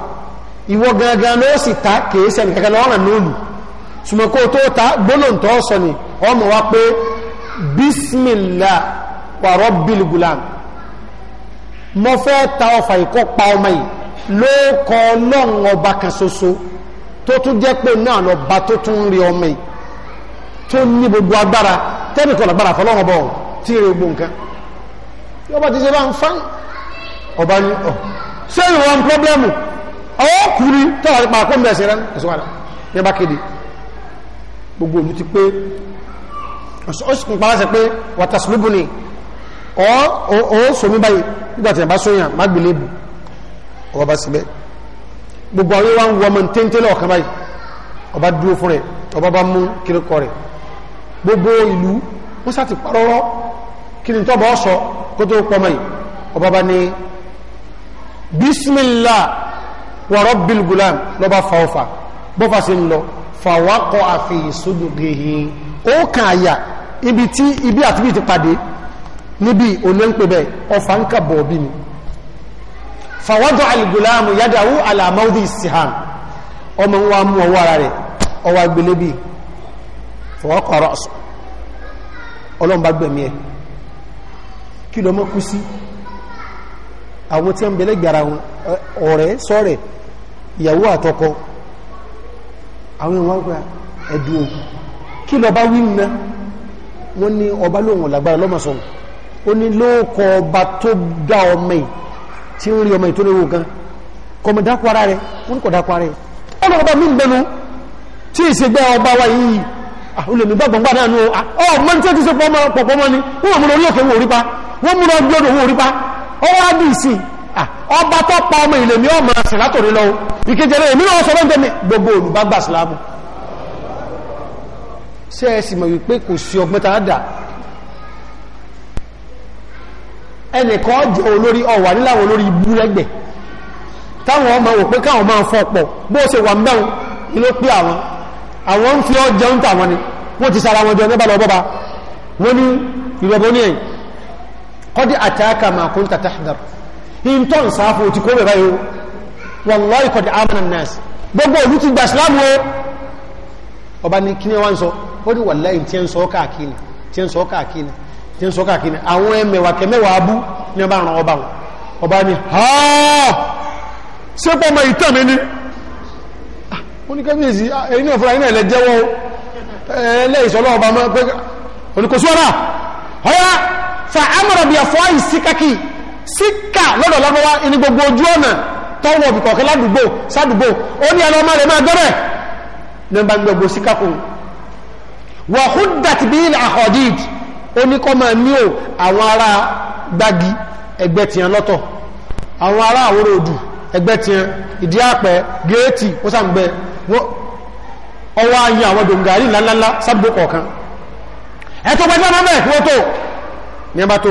ìwọ gangan ló sì ta kèé sẹ́ni kankan lọ́rùn lónìí sùmọ̀kó tó ta gbólóǹtọ́ sọ ni ọmọ wa pé bísmìlá wàrọ̀ bílgùlán mo fẹ́ ta ọfà ìkọ́ pa ọmọ yìí ló kọ ọlọ́run ọba kan ṣoṣo tó tún jẹ́ pé náà lọ bá tó tún rí ọmọ yìí tó ní gbogbo agbára tẹ́nìkan lágbára fọlọ́run ọba ọ̀hún tí ì rí gbogbo nǹkan yọba ti ṣe bá ń fáyín ọba ní ọ ṣé ìwọ̀n pọ́blẹ́mù ọwọ́ kùnrin tọ́wọ́ àti pàákó ń bẹ̀ wà ní ẹ kéde gbogbo òlú ti pé ó sì kún paláṣẹ pé wàtàsílúbù ni ó sọmí báyìí nígbàtí àbá sóyàn má gbélé bù ọba bá síbẹ̀ gbogbo àwọn wa ń wọ ọmọ téńté lọ́ọ̀kan báyìí ọba dúró fún rẹ̀ ọba bá mú kiri kọ rẹ̀ gbogbo ìlú wọ́n sá ti parọ́rọ́ kí ni tọ́bọ̀ ọ̀sọ́ kó tó pọ̀ mọ́ yìí ọba bá ní bísmìlá wa rabbil gulam lọ́ba fa ọfà bọ́fà sí ń lọ fàwákọ̀ àfi ìsúdùgìhì ó kàn àyà ibi tí ibi àti ibi ti pàdé níbi olóńpẹ̀bẹ̀ ọfà ń kàbọ̀ bí ni fàwádọ̀ alìgùlámù yádàwó alàmọ́dì ìsìhàn ọmọ wa mú ọwọ́ ara rẹ̀ ọwọ́ agbélébì fọwọ́kọ̀ ọ̀rọ̀ àwọn ìwọ̀n pẹ́ ẹ̀dùn kí lọ bá wí ń náà wọ́n ní ọba lóhun lágbára lọ́mọ̀sọ̀hún ó ní lóòkọ ọba tó dá ọmọ yìí tí ń rí ọmọ yìí tó léwu gan kọmọ dákọ ara rẹ ọba ń tí ìṣègbè ọba wa yìí olèmí gbàgbọ́ngbà náà ọ ni wọ́n mú lọ orí òkè rí pa wọ́n mú Ah, ọba tó pa ọmọ ilẹ̀ mi ọmọ ẹ̀sìn látòrí lọ ìkejìlẹ̀ èmi náà sọ́rọ̀ ìgbẹ̀mí gbogbo olùbágbà sílámù ṣe ẹ̀sì mọ̀ wípé kò sí ọgbọ́n tàádà ẹnìkan jẹ́ olórí ọwà níláwọ̀ olórí ibú lẹ́gbẹ̀ táwọn ọmọ wò pé káwọn máa fọ́ pọ̀ bó ṣe wà mẹ́un ilé in tó ń sáfò ti kó rẹ̀ báyìí wallahi qad amana an-nas gbogbo òlú ti gbà sílámù o ọba ní kí ni wọ́n sọ ó ní wallahi tí ń sọ káàkiri tí ń sọ káàkiri tí ń sọ káàkiri àwọn ẹmẹ̀wà kẹmẹ̀wà abú ní ọba ràn ọba wọn ọba ah, ní haa ṣé ọmọ ìtàn ni oníkẹ́bíyèsí ah, ẹ̀yìn náà fúra iná ẹ̀lẹ́jẹ́wọ́ ẹlẹ́ìsọ́lọ́ eh, ọba mọ́ síkà lọ́dọ̀ lọ́gbọ́wá ní gbogbo ojú ọ̀nà tọ́wọ́ bìkọ̀kẹ́ ládùúgbò sádùúgbò ó ní ẹlọ́mọ rẹ̀ máa gbẹ́rẹ̀ ní bá gbogbo síkà kù wọ̀húdàtì bí àhọ̀dìd ó ní kọ́ máa ní o àwọn ará gbági ẹgbẹ́ tiẹ̀ lọ́tọ̀ àwọn ará àwòrò òdù ẹgbẹ́ tiẹ̀ ìdí àpẹ gírẹ́tì ó sàǹgbẹ ọwọ́ ayé àwọn dòǹgàrí ńláńlá sádùúgbò kọ̀ọ̀kan ẹ̀ tó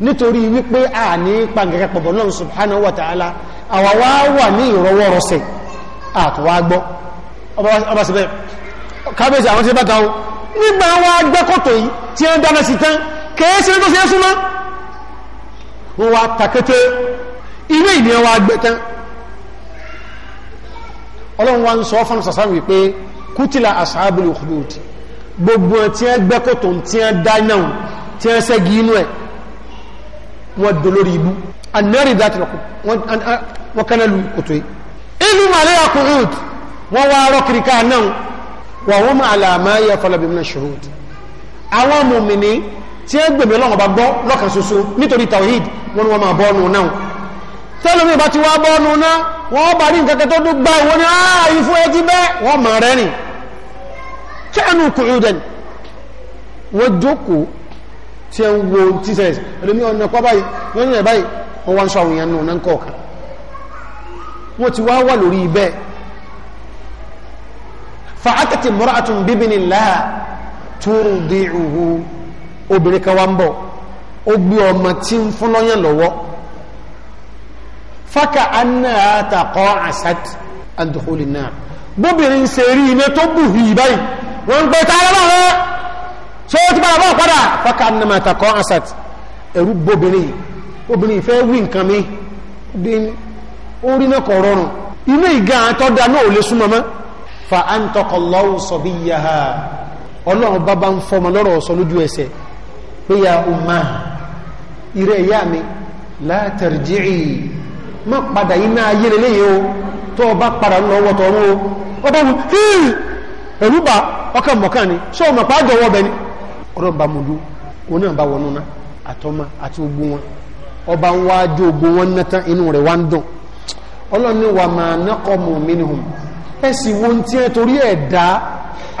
nítorí wípé a ní pàǹkẹ́kẹ́ pọ̀bọ̀ náà subhanahu wa ta'ala àwa wá wà ní ìrọwọ́rọsẹ̀ àtúwà gbọ́ ọba síbẹ̀ kábẹ́sì àwọn tí bá taun nígbà wá gbẹ́kọ̀tọ̀ yìí tí ó dáná sí tán kẹ́ẹ́sì ló sí ẹ́sùn mọ́ wọ́n wá takété ilé ìní ọwá gbẹ́tán ọlọ́run tí ó gbẹ́kọ̀tọ̀ inú ẹ̀ wọ́n dolórí ibú anẹ́rì dáti lọ́kù wọ́n kánẹ́lù kòtò ìlú màlẹ́ àkùnrùd wọ́n wá rọ́ kìríkà náà wà wọ́n máa làmá yẹ fọlọ́bí mìíràn ṣòrùd àwọn mùmìnì tí ó gbèmí ọlọ́run bá gbọ́ lọ́kàn ṣoṣo nítorí tawhid wọn wọ́n máa bọ́ọ̀nù náà tẹ́lómi bá ti wá bọ́ọ̀nù náà wọ́n bá rí nǹkan tó gbá ìwọ́n ni ààyè fún tí ẹ ń wo tí sẹ́ẹ̀sì ẹlòmí ọ̀nà pọ́ báyìí wọ́n nílẹ̀ báyìí wọ́n wá ń sọ àwọn èèyàn nù náà kọ̀ọ̀kan wọ́n ti wá wà lórí ibẹ̀ fa'atati mura'atun bibini láà túrù dé ìhù obìnrin kan wá ń bọ̀ ó gbé ọmọ tí ń fún lọ́yàn lọ́wọ́ fákà anna àtàkọ́ àsad àdùkúlì náà bóbìnrin ṣe ilé tó bù hì báyìí wọ́n ń tààrà náà so ó ti padà bọ́ padà fọ́kà nàmà àtàkọ́ asat ẹ̀rú bóbìnrin obìnrin fẹ́ wí nǹkan mi ó rí náà kọ̀ rọrùn inú ìgá àtọ́ da náà ò lè súnmọ́ mọ́ fa á ń tọkọ lọ́wọ́ sọ bí ya ha ọlọ́run bá bá ń fọmọ lọ́rọ̀ sọ lójú ẹsẹ̀ pé ya umma ìrẹ́ ìyá mi la tarji'i má padà iná ayé lélẹ́yìí o tó o bá padà lọ wọ́tọ̀ ọ̀run o ọba mi hí bá ọkàn mọ̀kàn ni ṣé o mọ̀ pàájọ wọ́ bẹ́ni ọlọ́run bá mojú òun náà bá wọnú ná àtọ́mọ àti ogbó wọn ọba ń wá dé ogbó wọn ná tán inú rẹ̀ wá ń dùn ọlọ́run ni wà máa naqamu minhum ẹ sì wo ń tiẹ́ torí ẹ̀ dá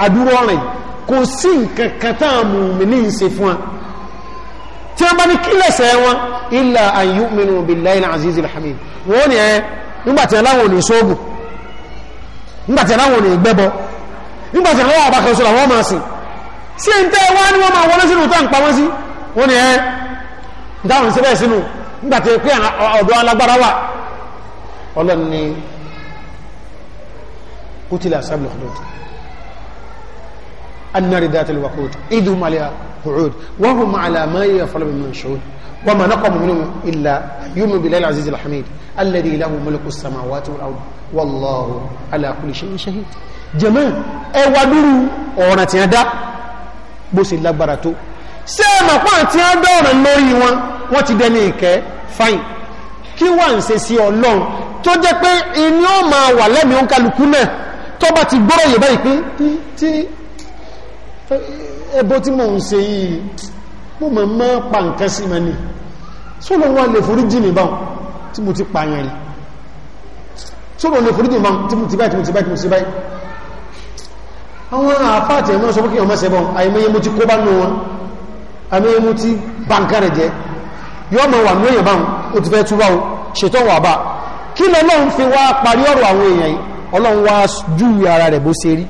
adúrú ọ̀rìn kò sí nǹkan kan tá à mú mi ní ìṣe fún wa tí wọ́n bá ní kílẹ̀sẹ̀ wọn illa an yu'minu billahi al-aziz al-hamid wọ́n ní ẹ nígbàtí aláwọn ò ní sóògùn nígbàtí aláwọn ò ní gbẹ́bọ nígbàtí aláwọn àbákan sọ̀rọ̀ àwọn ọmọ ọ̀sìn sí ń tẹ́ wá ní wọ́n máa wọlé sínú tá ń pamọ́ sí wọ́n ni ẹ́ dáhùn síbẹ̀ sínú nígbàtí pé ọ̀dọ́ alágbára wà ọlọ́ni kútìlà sábìlì ọ̀dọ́dù annari dátil wakut idu maliya huud wọ́n hù ma alama yi afọlọ́bì min ṣòud wọ́n ma nakọ̀ mu nínú ilà yúmi bilẹ̀ aziz alhamid alladhi ilahu mulku samawati wal ard wallahu ala kulli shay'in shahid jama ẹ wá dúró ọ̀ràn tí a dá bó sì lágbára tó ṣé ẹ mọ̀ pọ́n tí wọ́n dọ̀rọ̀ lórí wọn wọ́n ti dẹni ìkẹ́ fáìn kí wà ń ṣe sí ọlọ́run tó jẹ́ pé inú ó máa wà lẹ́mí ó náà tó bá ti gbọ́rọ̀ yẹ̀ báyìí pé tí ẹbọ tí mò ń ṣe yìí mo mọ̀ mọ́ pa nǹkan sí mọ́ ni sólò wọn lè forí jì báwọn tí mo ti pààyàn rí sólò lè forí jì mí báwọn tí mo ti báyìí tí mo ti báyìí tí mo ti báyìí àwọn àfáàtì ẹ̀mọ́ sọ fókè ọmọ sẹ́bọ̀n àìmọye mú ti kó bá nù wọn àìmọye mú ti bá nǹkan rẹ̀ jẹ́ yọ́ mọ̀ wà ní èèyàn báhùn ó ti fẹ́ túbá o ṣètò wà bá kí lọ lọ́n fi wá parí ọ̀rọ̀ àwọn èèyàn yìí ọlọ́run wá ju ara rẹ̀ bó ṣe rí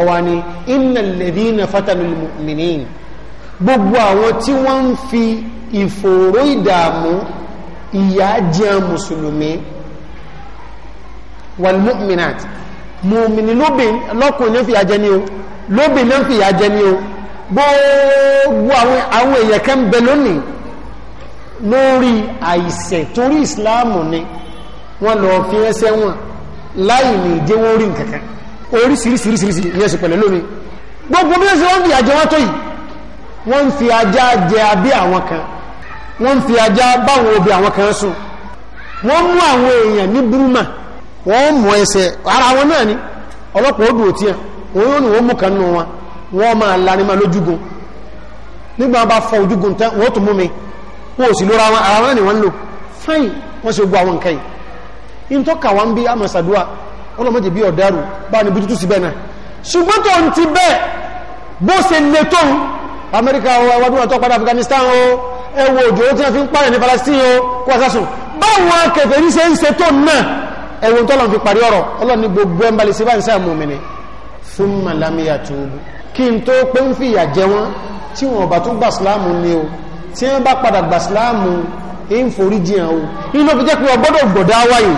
ọwà ni innal ladhina fatanul mu'minin gbogbo àwọn tí wọ́n ń fi ìfòòró ìdààmú ìyà jẹ́ mùsùlùmí wal mùmìnì lọ́kùnrin fìyà jẹ ní o lóbìnrin fìyà jẹ ní o gbogbo àwọn èèyàn kan bẹ lónìí lórí àìsẹ̀ torí ìsìláàmù ni wọ́n lọ fi ẹsẹ̀ wọn láì ní ìjẹ́wọ́ orí nkankan oríṣiríṣiríṣiríṣi ní ẹ̀sùn pẹ̀lẹ̀ lónìí gbogbo bí ẹ̀sùn wọ́n fi àjẹ wọ́n tó yìí wọ́n fi ajá jẹ abẹ́ àwọn kan wọ́n fi ajá báwọn obì àwọn kan sùn wọ́n mú àwọn èèyàn ní burúmà wọ́n mọ̀ ẹsẹ̀ ara wọn náà ni ọlọ́pàá ó dùn tí ẹ̀ òun ni wọ́n mú kan nù wọn wọ́n ma lani máa lójúgun nígbà bá fọ ojúgun tán wọ́n tún mú mi wọ́n sì lóra wọn ara wọn ni wọ́n lò fáyìn wọ́n sì gbọ́ àwọn nǹkan yìí in tó kà wọ́n bí amasadua ọlọ́mọdé bí ti bẹ́ẹ̀ bó Afghanistan o òjò tí wọ́n fi ń pààyàn ní Palestine ẹ̀wọ̀n tọ́lọ̀ fi parí ọ̀rọ̀ ọlọ́ni gbogbo ẹmbàlẹ̀ sí bá ń sáàmù mi ni fún malamiya tóbu kí n tó pé ń fi ìyà jẹ wọn tí wọn bá tún gbà síláàmù ni o tí wọn bá padà gbà síláàmù ń forí jìn o inú fi jẹ́ pé ọgbọ́dọ̀ gbọ̀dá wáyé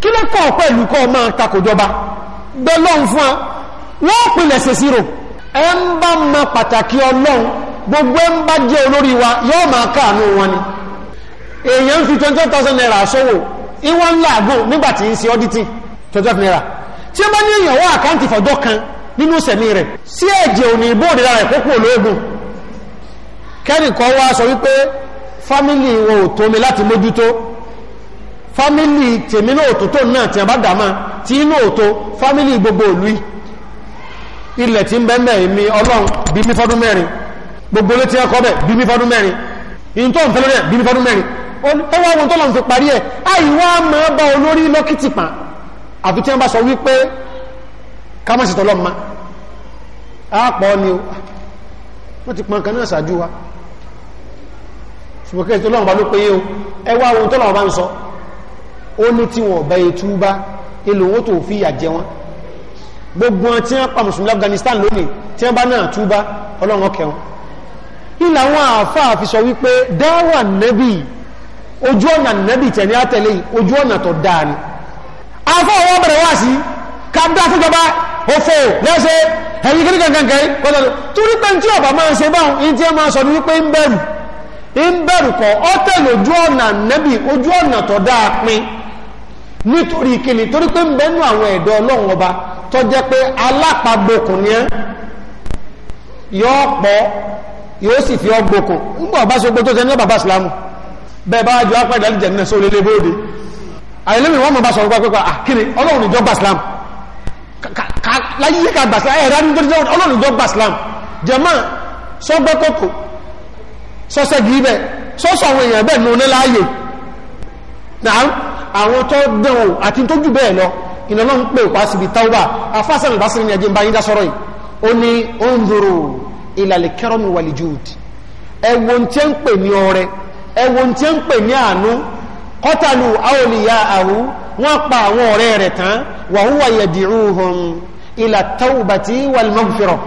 kí ló kọ́ pẹ̀lú kọ́ máa takòjọba gbẹ́lọ́n fún wa wọ́n pinlẹ̀ ṣe sírò ẹ ń bá mọ pàtàkì ọlọ́run gbogbo ẹ ń bá jẹ́ olórí wa yóò máa káàánú wọn ni èèyàn fi twenty thousand naira sọ́wọ́ ìwọ́n ńlá àgùn nígbà tí ń ṣe ọ́dítì twenty naira tí ó bá ní èèyàn wá àkáǹtì fọ́jọ́ kan nínú sẹ̀mí rẹ̀ sí ẹ̀jẹ̀ òní ìbóòdè lára ìkókò olóògùn kẹ́nìkan wá sọ wípé fámílì wọn ò tómi láti mójútó fámílì tèmi náà òtó tó náà tí a bá dàmà tí inú òtó fámílì gbogbo òlú ilẹ̀ tí ń bẹ́ẹ̀ mi ọlọ́run bí mi fọ́dún mẹ́rin gbogbo ló ti ẹkọ bẹ̀ bí mi fọ́dún mẹ́rin ìntọ́ ìfẹ́lẹ́ bí mi fọ́dún mẹ́rin ẹwà wọn tọ́lọ̀ ti parí ẹ̀ àìwá máa bá olórí lọ́kìtì pa àbí tí wọ́n bá sọ wípé kámọ́sì tọ́lọ́ ma àápọ̀ ni o wọ́n ti pọn kan náà wa ṣùgbọ́n kí tọ́lọ́wọ́n bá ló péye o ẹwà wọn tọ́lọ́wọ́n bá ń sọ ó ní tí wọ́n bẹ etú bá ilò wọn tó fi ìyà jẹ wọn gbogbo wọn tí wọ́n pa mùsùlùmí Afghanistan lónìí tí wọ́n bá náà tú bá ọlọ́run ọkẹ wọn ìlà wọn àáfàá fi sọ wípé dáwà nẹ́bì ojú ọ̀nà nẹ́bì tẹ̀lé àtẹ̀lé ojú ọ̀nà tó dáa ni afọ́wọ́ bẹ̀rẹ̀ wá sí kádá fún jọba òfò lẹ́sẹ̀ ẹ̀yìn kí ní kankankan kọ́tọ̀ torí pé tí ọba máa ṣe báwọn in tí ẹ máa sọ ní wípé ń bẹ̀rù ń bẹ̀rù kọ́ ọ́tẹ̀lì ojú ọ̀nà nẹ́bì ojú ọ̀nà tó dáa pin nítorí ìkìlì torí pé ń bẹ́nu àwọn ẹ̀dọ́ ọlọ́run ọba tó jẹ́ pé alápagbokùn ni ẹ́ yọ ọ̀pọ̀ yóò sì fi ọgbokùn ń bọ̀ bá ṣe gbogbo tó jẹ́ ní bàbá ìsìlámù bẹ́ẹ̀ bá wájú apá ìdálẹ́jẹ̀ nínú ẹ̀sọ́ olélé bóde àìlẹ́mì wọ́n mọ̀ bá sọ̀rọ̀ pẹ́pẹ́ àkíní ah, ọlọ́run ìjọ gbà islam láyé ká gbà islam ẹ̀rá ní tó ọlọ́run ìjọ gbà islam jẹ́mọ́ sọ́gbẹ́ kòtò sọ́sẹ́ gí bẹ́ẹ̀ sọ́sọ́ àwọn èèyàn bẹ́ẹ̀ nù níláyè náà àwọn tó dẹ̀wò àti tó jù bẹ́ẹ̀ lọ iná náà ń pè pa síbi táwà afásán ìbásírí ni ẹjẹ́ ń bá yín dá sọ́rọ̀ yìí ó ní ó ń dòrò ìlàlẹ̀ kẹrọ́mù wàlìjúùd ẹ̀wọ̀n tí ń pè ní ọrẹ ẹwọ́n tí ó ń pè ní àánú kọ́tàlù àwòlìyà àhú wọ́n pa àwọn ọ̀rẹ́ rẹ̀ tán wà húwà yẹ̀dìrúhùn ilà tawbati wal maghfirah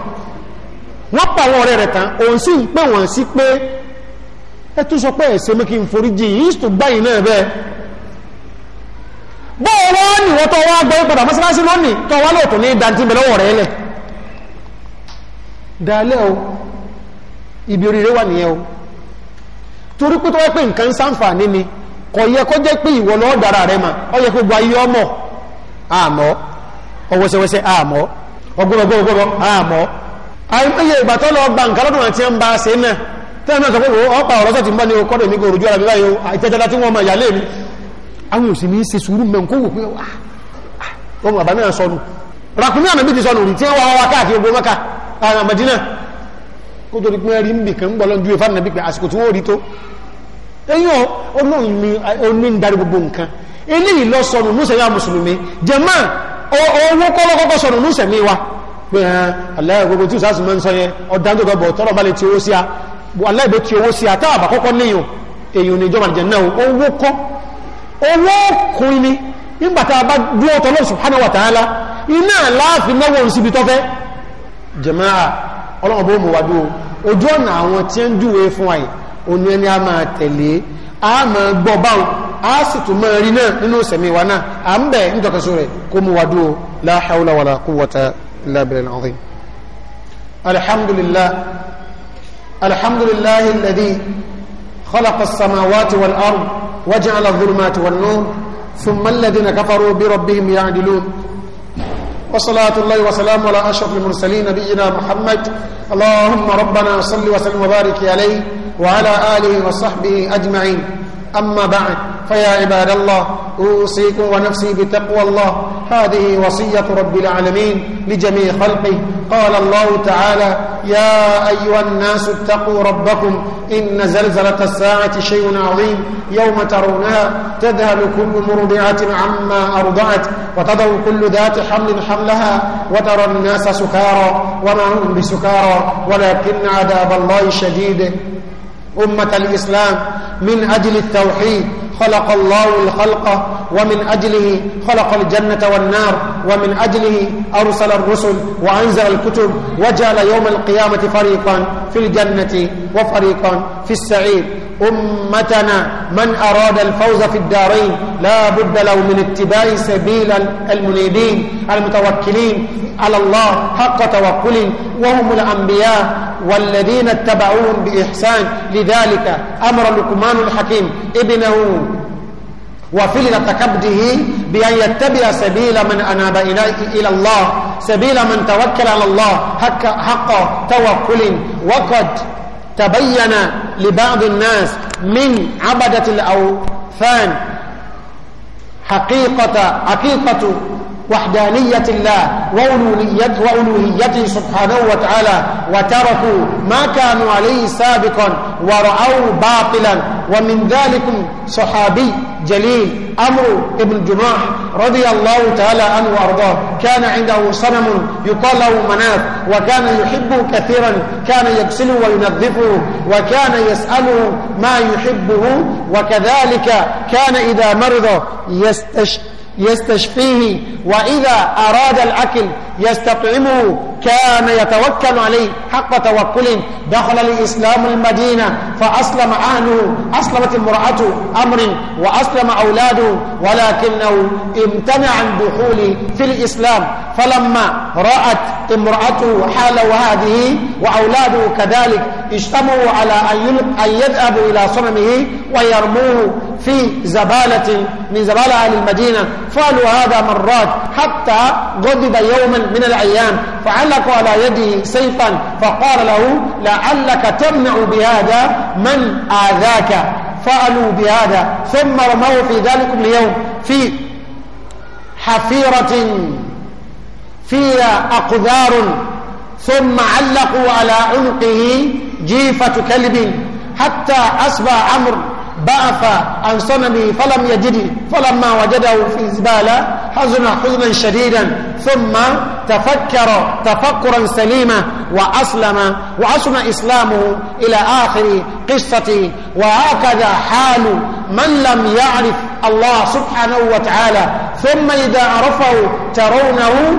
wọ́n pa àwọn ọ̀rẹ́ rẹ̀ tán òun sì ń pè wọ́n sí pé ẹ tún sọ pé ẹ̀sẹ̀ mú kí n foríjì yìí tó gbáyìí náà bẹ́ẹ̀ bọ́ọ̀ wọ́n ní wọ́n tọ́ wá gbọ́ padà mọ́sálásí lónìí tọ́ wá lóòtọ́ ní dantí lẹ̀ dalẹ́ o ibi oríire wà nìyẹn o torí pé tó wá pé nǹkan sáǹfààní ni kò yẹ kó jẹ́ pé ìwọ lọ́ọ́ dára rẹ mà ọ yẹ kó gba iye ọmọ àmọ́ ọwọ́sẹwẹsẹ àmọ́ ọgbọ́nọgbọ́nọgbọ́nọ àmọ́ àìmọye ìgbà tó lọ gba nǹkan lọ́dún àti ń ba ṣe náà tẹ́lẹ̀ náà sọ pé ọ̀pá ọ̀rọ̀ sọ̀tì ń bá ní ọkọ̀dọ̀ mi kò rújú ara mi báyìí ìtẹ́tẹ́lá tí wọ́n máa yà lé mi kó tó di pé rí níbi kan ń bọ̀ lọ́njú ìfà nàbí pé àsìkò tí wọ́n rí tó eyín olóhùn ni oní ń darí gbogbo nǹkan eléyìí lọ sọnù lóṣẹ̀ yá mùsùlùmí jẹ̀mọ́ owó kọ́lọ́kọ́kọ́ sọnù lóṣẹ̀ mi wa pé hàn aláì gbogbo tí ìsásùn máa ń sọ yẹn ọ̀dà tó gbọ́ tọ́rọ bá lè ti owó sí a aláì bẹ ti owó sí a táàbà kọ́kọ́ níyàn èyàn ní ìjọba ìjẹ̀nà owó kọ́ owó kùn ni nígbàtà bá dúró tọ́lọ́ subhanahu wa ta'ala iná láàfin náwó síbi tọ́fẹ́ jẹ̀mọ́ ọlọ́run bó mú wa dúró ojú ọ̀nà àwọn tí ń júwe fún àyè òní ẹni a máa tẹ̀lé a máa gbọ́ báwọn a sì tún máa rí náà nínú ìsẹ̀mí wa náà à ń bẹ̀ ń tọ́kasọ rẹ̀ kó mu wá dúró la hawla wala quwwata illa خلق السماوات والأرض وجعل الظلمات والنور ثم الذين كفروا بربهم يعدلون وصلاة الله وسلام على أشرف المرسلين نبينا محمد اللهم ربنا صل وسلم وبارك عليه وعلى آله وصحبه أجمعين أما بعد فيا عباد الله أوصيكم ونفسي بتقوى الله هذه وصية رب العالمين لجميع خلقه قال الله تعالى يا أيها الناس اتقوا ربكم إن زلزلة الساعة شيء عظيم يوم ترونها تذهل كل مرضعة عما أرضعت وتضع كل ذات حمل حملها وترى الناس سكارى وما هم بسكارى ولكن عذاب الله شديد أمة الإسلام من أجل التوحيد خلق الله الخلق ومن أجله خلق الجنة والنار ومن أجله أرسل الرسل وأنزل الكتب وجعل يوم القيامة فريقا في الجنة وفريقا في السعيد أمتنا من أراد الفوز في الدارين لا بد له من اتباع سبيل المنيبين المتوكلين على الله حق توكل وهم الأنبياء والذين اتبعوهم بإحسان لذلك أمر لقمان الحكيم ابنه وفلن تكبده بأن يتبع سبيل من أناب إلى الله سبيل من توكل على الله حق, حق توكل وقد تبين لبعض الناس من عبدة الأوثان حقيقة حقيقة وحدانية الله وألوهيته, سبحانه وتعالى وتركوا ما كانوا عليه سابقا ورأوا باطلا ومن ذلك صحابي جليل عمرو بن جماح رضي الله تعالى عنه وارضاه كان عنده صنم يقال له مناف وكان يحبه كثيرا كان يغسله وينظفه وكان يسأله ما يحبه وكذلك كان إذا مرض يستشفى يستشفيه وإذا أراد الأكل يستطعمه كان يتوكل عليه حق توكله دخل الإسلام المدينة فأسلم أهله أسلمت امرأته أمر وأسلم أولاده ولكنه امتنع عن دخوله في الإسلام فلما رأت امرأته حال هذه وأولاده كذلك اجتمعوا على أن يذهبوا إلى صنمه ويرموه في زبالة من زبالة أهل المدينة فعلوا هذا مرات حتى غضب يوما من الأيام فعلق على يده سيفا فقال له لعلك تمنع بهذا من آذاك فعلوا بهذا ثم رموه في ذلك اليوم في حفيرة فيها أقذار ثم علقوا على عنقه جيفة كلب حتى أصبح عمرو بعث عن صنمه فلم يجده فلما وجده في زبالة حزن حزنا شديدا ثم تفكر تفكرا سليما وأسلم وأسلم إسلامه إلى آخر قصته وهكذا حال من لم يعرف الله سبحانه وتعالى ثم إذا عرفه ترونه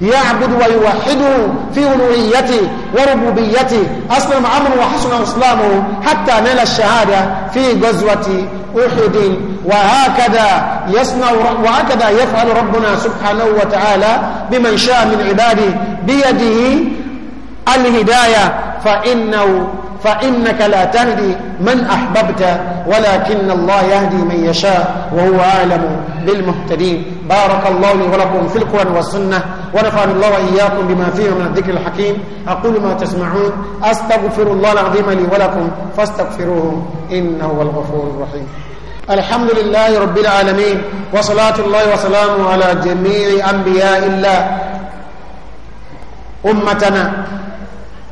يعبد ويوحده في ألوهيته وربوبيته أسلم عمرو وحسن إسلامه حتى نال الشهادة في غزوة أحد وهكذا يصنع وهكذا يفعل ربنا سبحانه وتعالى بمن شاء من عباده بيده الهداية فإنه فإنك لا تهدي من أحببت ولكن الله يهدي من يشاء وهو أعلم بالمهتدين بارك الله لي ولكم في القرآن والسنة ونفعني الله وإياكم بما فيه من الذكر الحكيم أقول ما تسمعون أستغفر الله العظيم لي ولكم فاستغفروه إنه هو الغفور الرحيم الحمد لله رب العالمين وصلاة الله وسلامه على جميع أنبياء الله أمتنا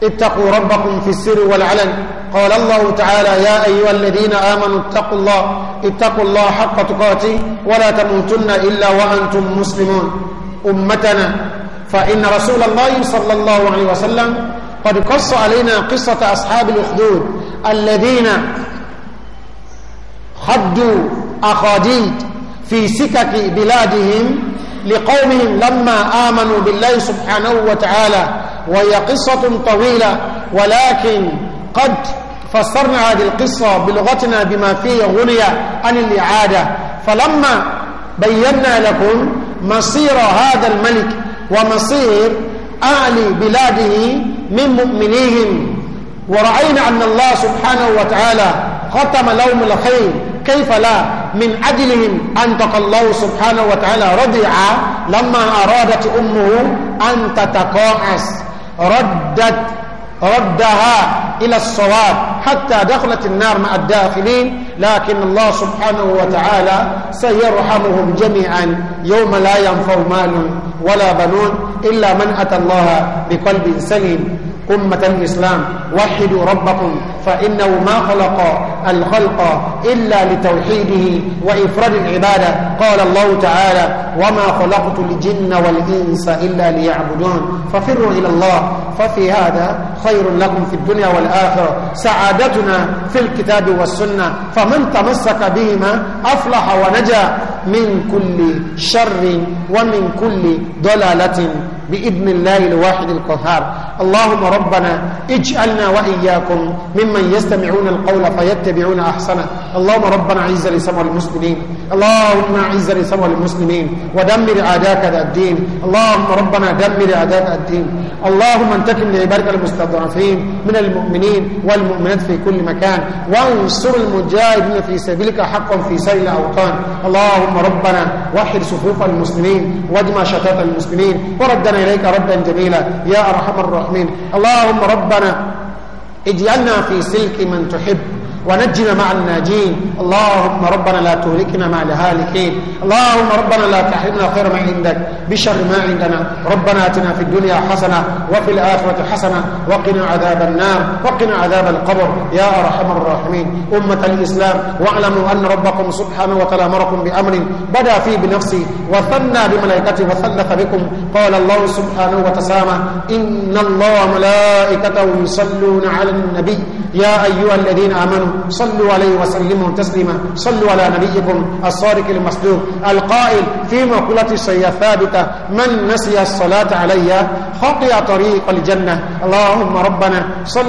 اتقوا ربكم في السر والعلن قال الله تعالى يا أيها الذين آمنوا اتقوا الله اتقوا الله حق تقاته ولا تموتن إلا وأنتم مسلمون أمتنا فإن رسول الله صلى الله عليه وسلم قد قص علينا قصة أصحاب الأخدود الذين خدوا أخاديد في سكك بلادهم لقومهم لما آمنوا بالله سبحانه وتعالى وهي قصة طويلة ولكن قد فسرنا هذه القصة بلغتنا بما فيه غني عن الإعادة فلما بينا لكم مصير هذا الملك ومصير أهل بلاده من مؤمنيهم ورأينا أن الله سبحانه وتعالى ختم لهم الخير كيف لا من أجلهم أنطق الله سبحانه وتعالى رضيع لما أرادت أمه أن تتقاعس ردت ردها إلى الصواب حتى دخلت النار مع الداخلين لكن الله سبحانه وتعالى سيرحمهم جميعا يوم لا ينفع مال ولا بنون إلا من أتى الله بقلب سليم أمة الإسلام وحدوا ربكم فإنه ما خلق الخلق إلا لتوحيده وإفراد العبادة قال الله تعالى وما خلقت الجن والإنس إلا ليعبدون ففروا إلى الله ففي هذا خير لكم في الدنيا والآخرة سعادتنا في الكتاب والسنة فمن تمسك بهما أفلح ونجا من كل شر ومن كل ضلالة بإذن الله الواحد القهار اللهم ربنا اجعلنا وإياكم ممن يستمعون القول فيتبعون أحسنه اللهم ربنا عز لسمع المسلمين اللهم عز لسمع المسلمين ودمر عداك الدين اللهم ربنا دمر عداك الدين اللهم انتقم لعبادك المستضعفين من المؤمنين والمؤمنات في كل مكان وانصر المجاهدين في سبيلك حقا في سائر الأوطان اللهم ربنا وحر صفوف المسلمين واجمع شتات المسلمين وردنا ربنا إليك ربا جميلا يا أرحم الراحمين اللهم ربنا اجعلنا في سلك من تحب ونجنا مع الناجين اللهم ربنا لا تهلكنا مع الهالكين اللهم ربنا لا تحرمنا خير ما عندك بشر ما عندنا ربنا اتنا في الدنيا حسنه وفي الاخره حسنه وقنا عذاب النار وقنا عذاب القبر يا ارحم الراحمين امه الاسلام واعلموا ان ربكم سبحانه وتعالى امركم بامر بدا فيه بنفسه وثنى بملائكته وثلث بكم قال الله سبحانه وتسامى ان الله ملائكته يصلون على النبي يا ايها الذين امنوا صلوا عليه وسلموا تسليما صلوا على نبيكم الصارك المصدوق القائل في مقولة سيئة ثابتة من نسي الصلاة علي خطي طريق الجنة اللهم
ربنا صل